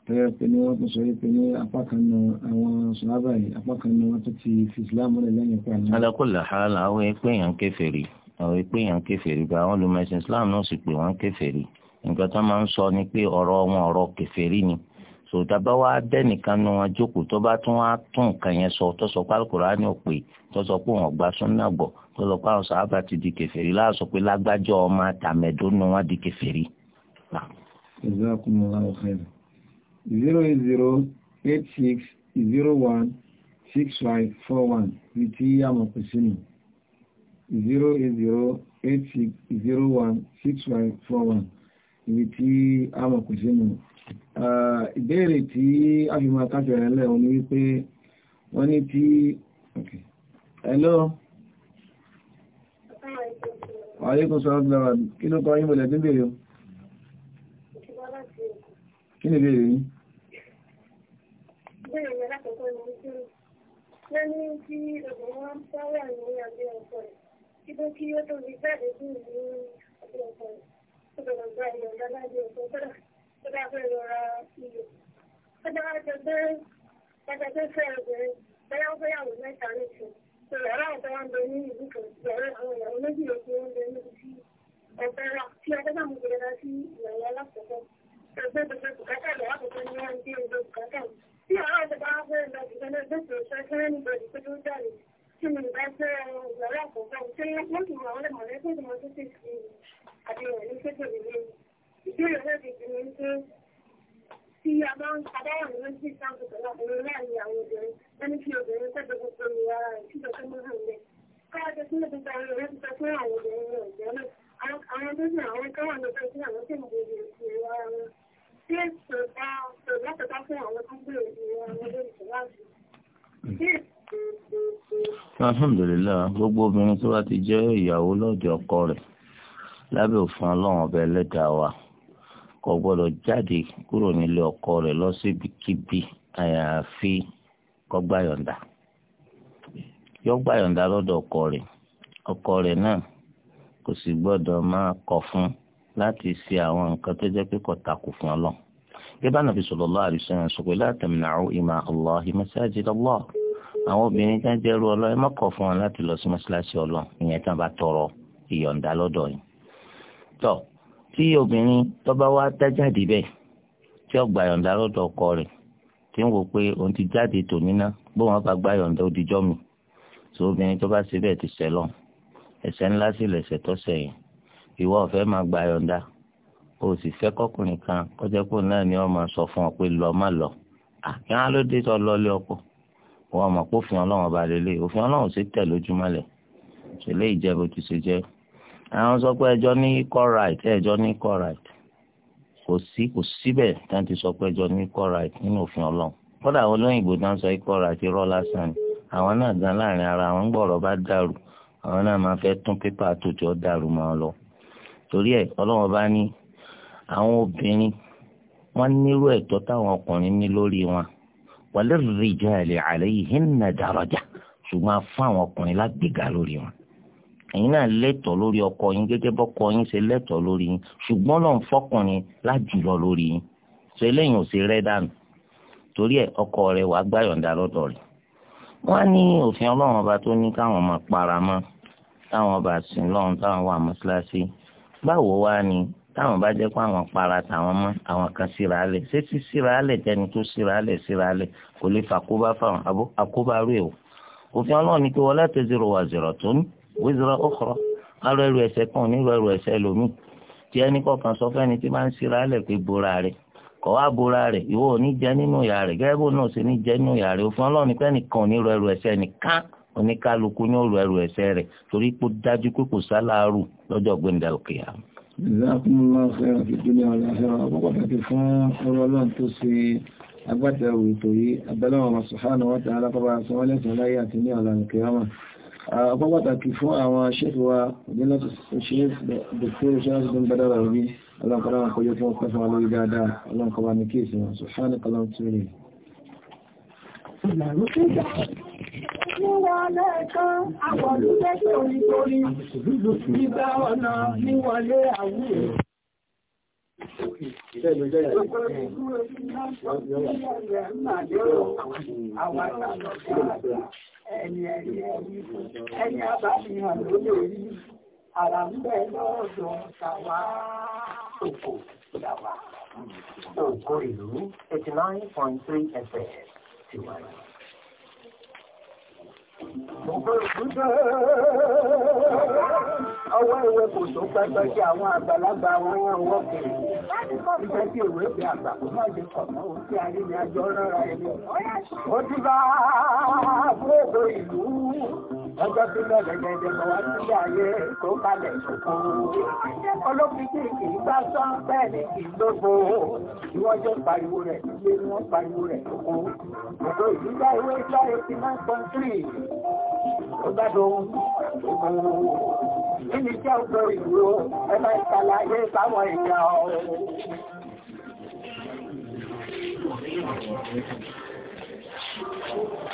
tẹ́rẹ pé ní wọ́n tún sọ wípé ní apákanu àwọn sọ̀rọ̀bà yìí apákanu wọn tó ti fi islam rẹ̀ lẹ́yìn pa náà. alákòlá hàlà àwọn ìpéyàn kèfèrí àwọn ìpéyàn kèfèrí bá àwọn olùmọ̀ẹ̀sìn islam náà sì pè wọ́n kèfèrí nǹkan tó máa ń sọ ni pé ọ̀rọ̀ wọn ọ̀rọ̀ kèfèrí ni sòtàbá wa dẹ́nìkan nu wọn jókòó tó bá tún wá tún nǹkan yẹn sọ tó sọ pé alukurani ò pè tó sọ pé wọn gba súnà gbọ́ tó sọ pé àwọn sàábà ti di kèfèrí láàsọ pé lágbájọ ọmọ àtàmẹ̀dónú wọn di kèfèrí. Jazakumullahu khairan. 08086016541 ní tí a mọ̀ pè sínú 08086016541 ibi tí a mọ̀ pè sínú ìbéèrè tí a fi máa kájọ rẹ̀ lẹ́wọ̀n ní wípé wọ́n ní tí okay hello Wa alaikum salaam kí ló kọ́ yín bọ̀lẹ̀ tí ń bèèrè o kí ni ìbéèrè yín? Bẹ́ẹ̀ ni alákọ̀ọ́kọ́ ni wípé lẹ́ni tí obìnrin wọn bá wà ní abẹ́ ọkọ rẹ̀ kí ló kí ó tó fi jáde sí ìlú abẹ́ ọkọ rẹ̀ tó bẹ̀rẹ̀ gba ìyọ̀ǹda lábẹ́ ọkọ Àwọn tó ń sìn àwọn tó wà lọ́dọ̀ sí àwọn tó alhamdulilayi gbogbo obìnrin tó bá ti jẹ́ ìyàwó lọ́dọ̀ ọkọ rẹ̀ lábẹ́ òfin ọlọ́run ọba ẹlẹ́dàá wa kò gbọ́dọ̀ jáde kúrò nílé ọkọ rẹ̀ lọ síbikíbi àyàfi kó gba yọ̀ǹda yó gba yọ̀ǹda lọ́dọ̀ ọkọ rẹ̀ ọkọ rẹ̀ náà kò sì gbọ́dọ̀ máa kọ̀ fún láti ṣe àwọn nǹkan tó jẹ́ pé kò takò fún ọlọ́run gẹ́gẹ́ bá nàbí sallallahu alaihi sọ pé la tamna'u ima Allahi masajid Allah àwọn obìnrin tán jẹ́rú ọlọ́run ẹ má kọ̀ fún wọn láti lọ sí mọ́ṣáláṣí ọlọ́run ìyẹn tán bá tọrọ ìyọ̀ǹda lọ́dọ̀ yìí. tọ́ tí obìnrin tó bá wá dá jáde bẹ́ẹ̀ tí ó gba ìyọ̀ǹda lọ́dọ̀ ọkọ rẹ̀ tí ń wò pé òun ti jáde tòní ná bó wọn bá gba ìyọ̀ǹda mi tí obìnrin tó bá ṣe ti ṣẹ̀ lọ ẹ̀ṣẹ̀ ńlá sì lẹ̀ṣẹ̀ tó ṣẹ̀ ìwọ ọ̀fẹ́ máa gba ìyọ̀ǹda o sì fẹ́ kọkùnrin kan kọjá pé náà ni wọ́n máa sọ fún ọ pé lọ má lọ wọn mọ̀ pé òfin ọlọ́run ọba lélẹ̀ òfin ọlọ́run ṣe tẹ̀ lójúmọ́lẹ̀ ṣẹlẹ̀ ìjẹ́bù ti ṣe jẹ́ àwọn sọ pé ní equal right ẹjọ ní equal right kò sí kò ti sọ pé ní equal right nínú òfin ọlọ́run gan láàrin ara àwọn bá dàrú àwọn náà máa tún pépà tó lọ torí ọba ní àwọn obìnrin táwọn ọkùnrin ní wọn walirrijali alayhinna daraja ṣùgbọ́n fún àwọn ọkùnrin lágbègà lórí wọn ẹ̀yin náà lẹ́tọ̀ọ́ lórí ọkọ yín gẹ́gẹ́ bọ́kọ yín ṣe lẹ́tọ̀ọ́ lórí yín ṣùgbọ́n lọ́n fọkùnrin lájùlọ lórí yín ṣe eléyìí ò ṣe rẹ́ dànù torí ẹ̀ ọkọ rẹ̀ wàá gbàyọ̀ǹda lọ́dọ̀ rẹ̀ wọ́n á ní òfin ọlọ́run ọba tó ní káwọn máa para táwọn ọba sìn lọ́run táwọn wà mọ́ṣáláṣí báwo wá ni táwọn bá jẹ́ pé àwọn para tàwọn mọ́ àwọn kan síra lẹ̀ ṣé tí síra lẹ̀ tẹni tó síra lẹ̀ síra lẹ̀ kò lè fàkóbá fáwọn àkóbárò ẹ̀ o òfin ọlọ́run ni pé wala taziru waziratun wizra ukhra arọ ẹrù ẹ̀ṣẹ̀ kan nílò ẹrù ẹ̀ṣẹ̀ lómìn tí ẹnì kọ̀ọ̀kan sọ fẹ́ni tí máa ń síra lẹ̀ pé bora rẹ̀ kọ̀ wá bora rẹ̀ ìwọ ò jẹ nínú ìyá rẹ̀ gẹ́gẹ́ bó náà ṣe ní jẹ nínú ìyá rẹ̀ òfin ọlọ́run ni pé ẹnìkan nílò ẹrù ẹ̀ṣẹ̀ nìkan oníkálukú ní òrò ẹrù ẹ̀ṣẹ̀ rẹ̀ torí Jazakumullahu khairan fi dunya wal akhirah pàtàkì fún ọlọ́lọ́n tó ṣe agbátẹrù ètò yìí abẹ́lẹ́wọ̀n subhanahu wa ta'ala kọba sọmọ́lẹ́sàn láyé àti ní ọ̀lànà kìrámà ọpọ́ pàtàkì fún àwọn ṣẹ́fẹ́wà ìdínlọ́tọ̀ ṣe níwọ̀ lẹ́ẹ̀kan àpọ̀lú lẹ́sẹ̀ onítorí gbígbá ọ̀nà níwọlé àwúrẹ̀. Ẹni àbáfihàn ló lè rí àrà ń bẹ lọ́ọ̀dọ̀ tàwà òkò tàwà. Òkò ìlú 89.3 FM ti wáyé. Ọwọ́ ìwé kò tó pẹ́pẹ́ sí àwọn àgbàlagbà wọn wọn wọ́n kiri. Ìfẹ́ tí ìwé fi àgbà kò má lè kọ̀ mọ́ orí ayé ni àjọ rárá ẹni. Ó ti bá àbúrò ìlú ọjọ́ tí lọ lẹ́gbẹ̀ẹ́dẹ̀ wọ́n ti ṣe àyè tó balẹ̀ ṣùgbọ́n olókìkí kì í bá sán bẹ́ẹ̀ ni kì í lógo ìwọ́jọ́ pariwo rẹ̀ ilé ni wọ́n pariwo rẹ̀ ṣùgbọ́n ògbó ìdílé ìwé ìgbà eighty nine point three ó gbádùn ṣùgbọ́n nínú iṣẹ́ ògbó ìlú ẹ máa ń ṣàlàyé báwọn èèyàn Thank you.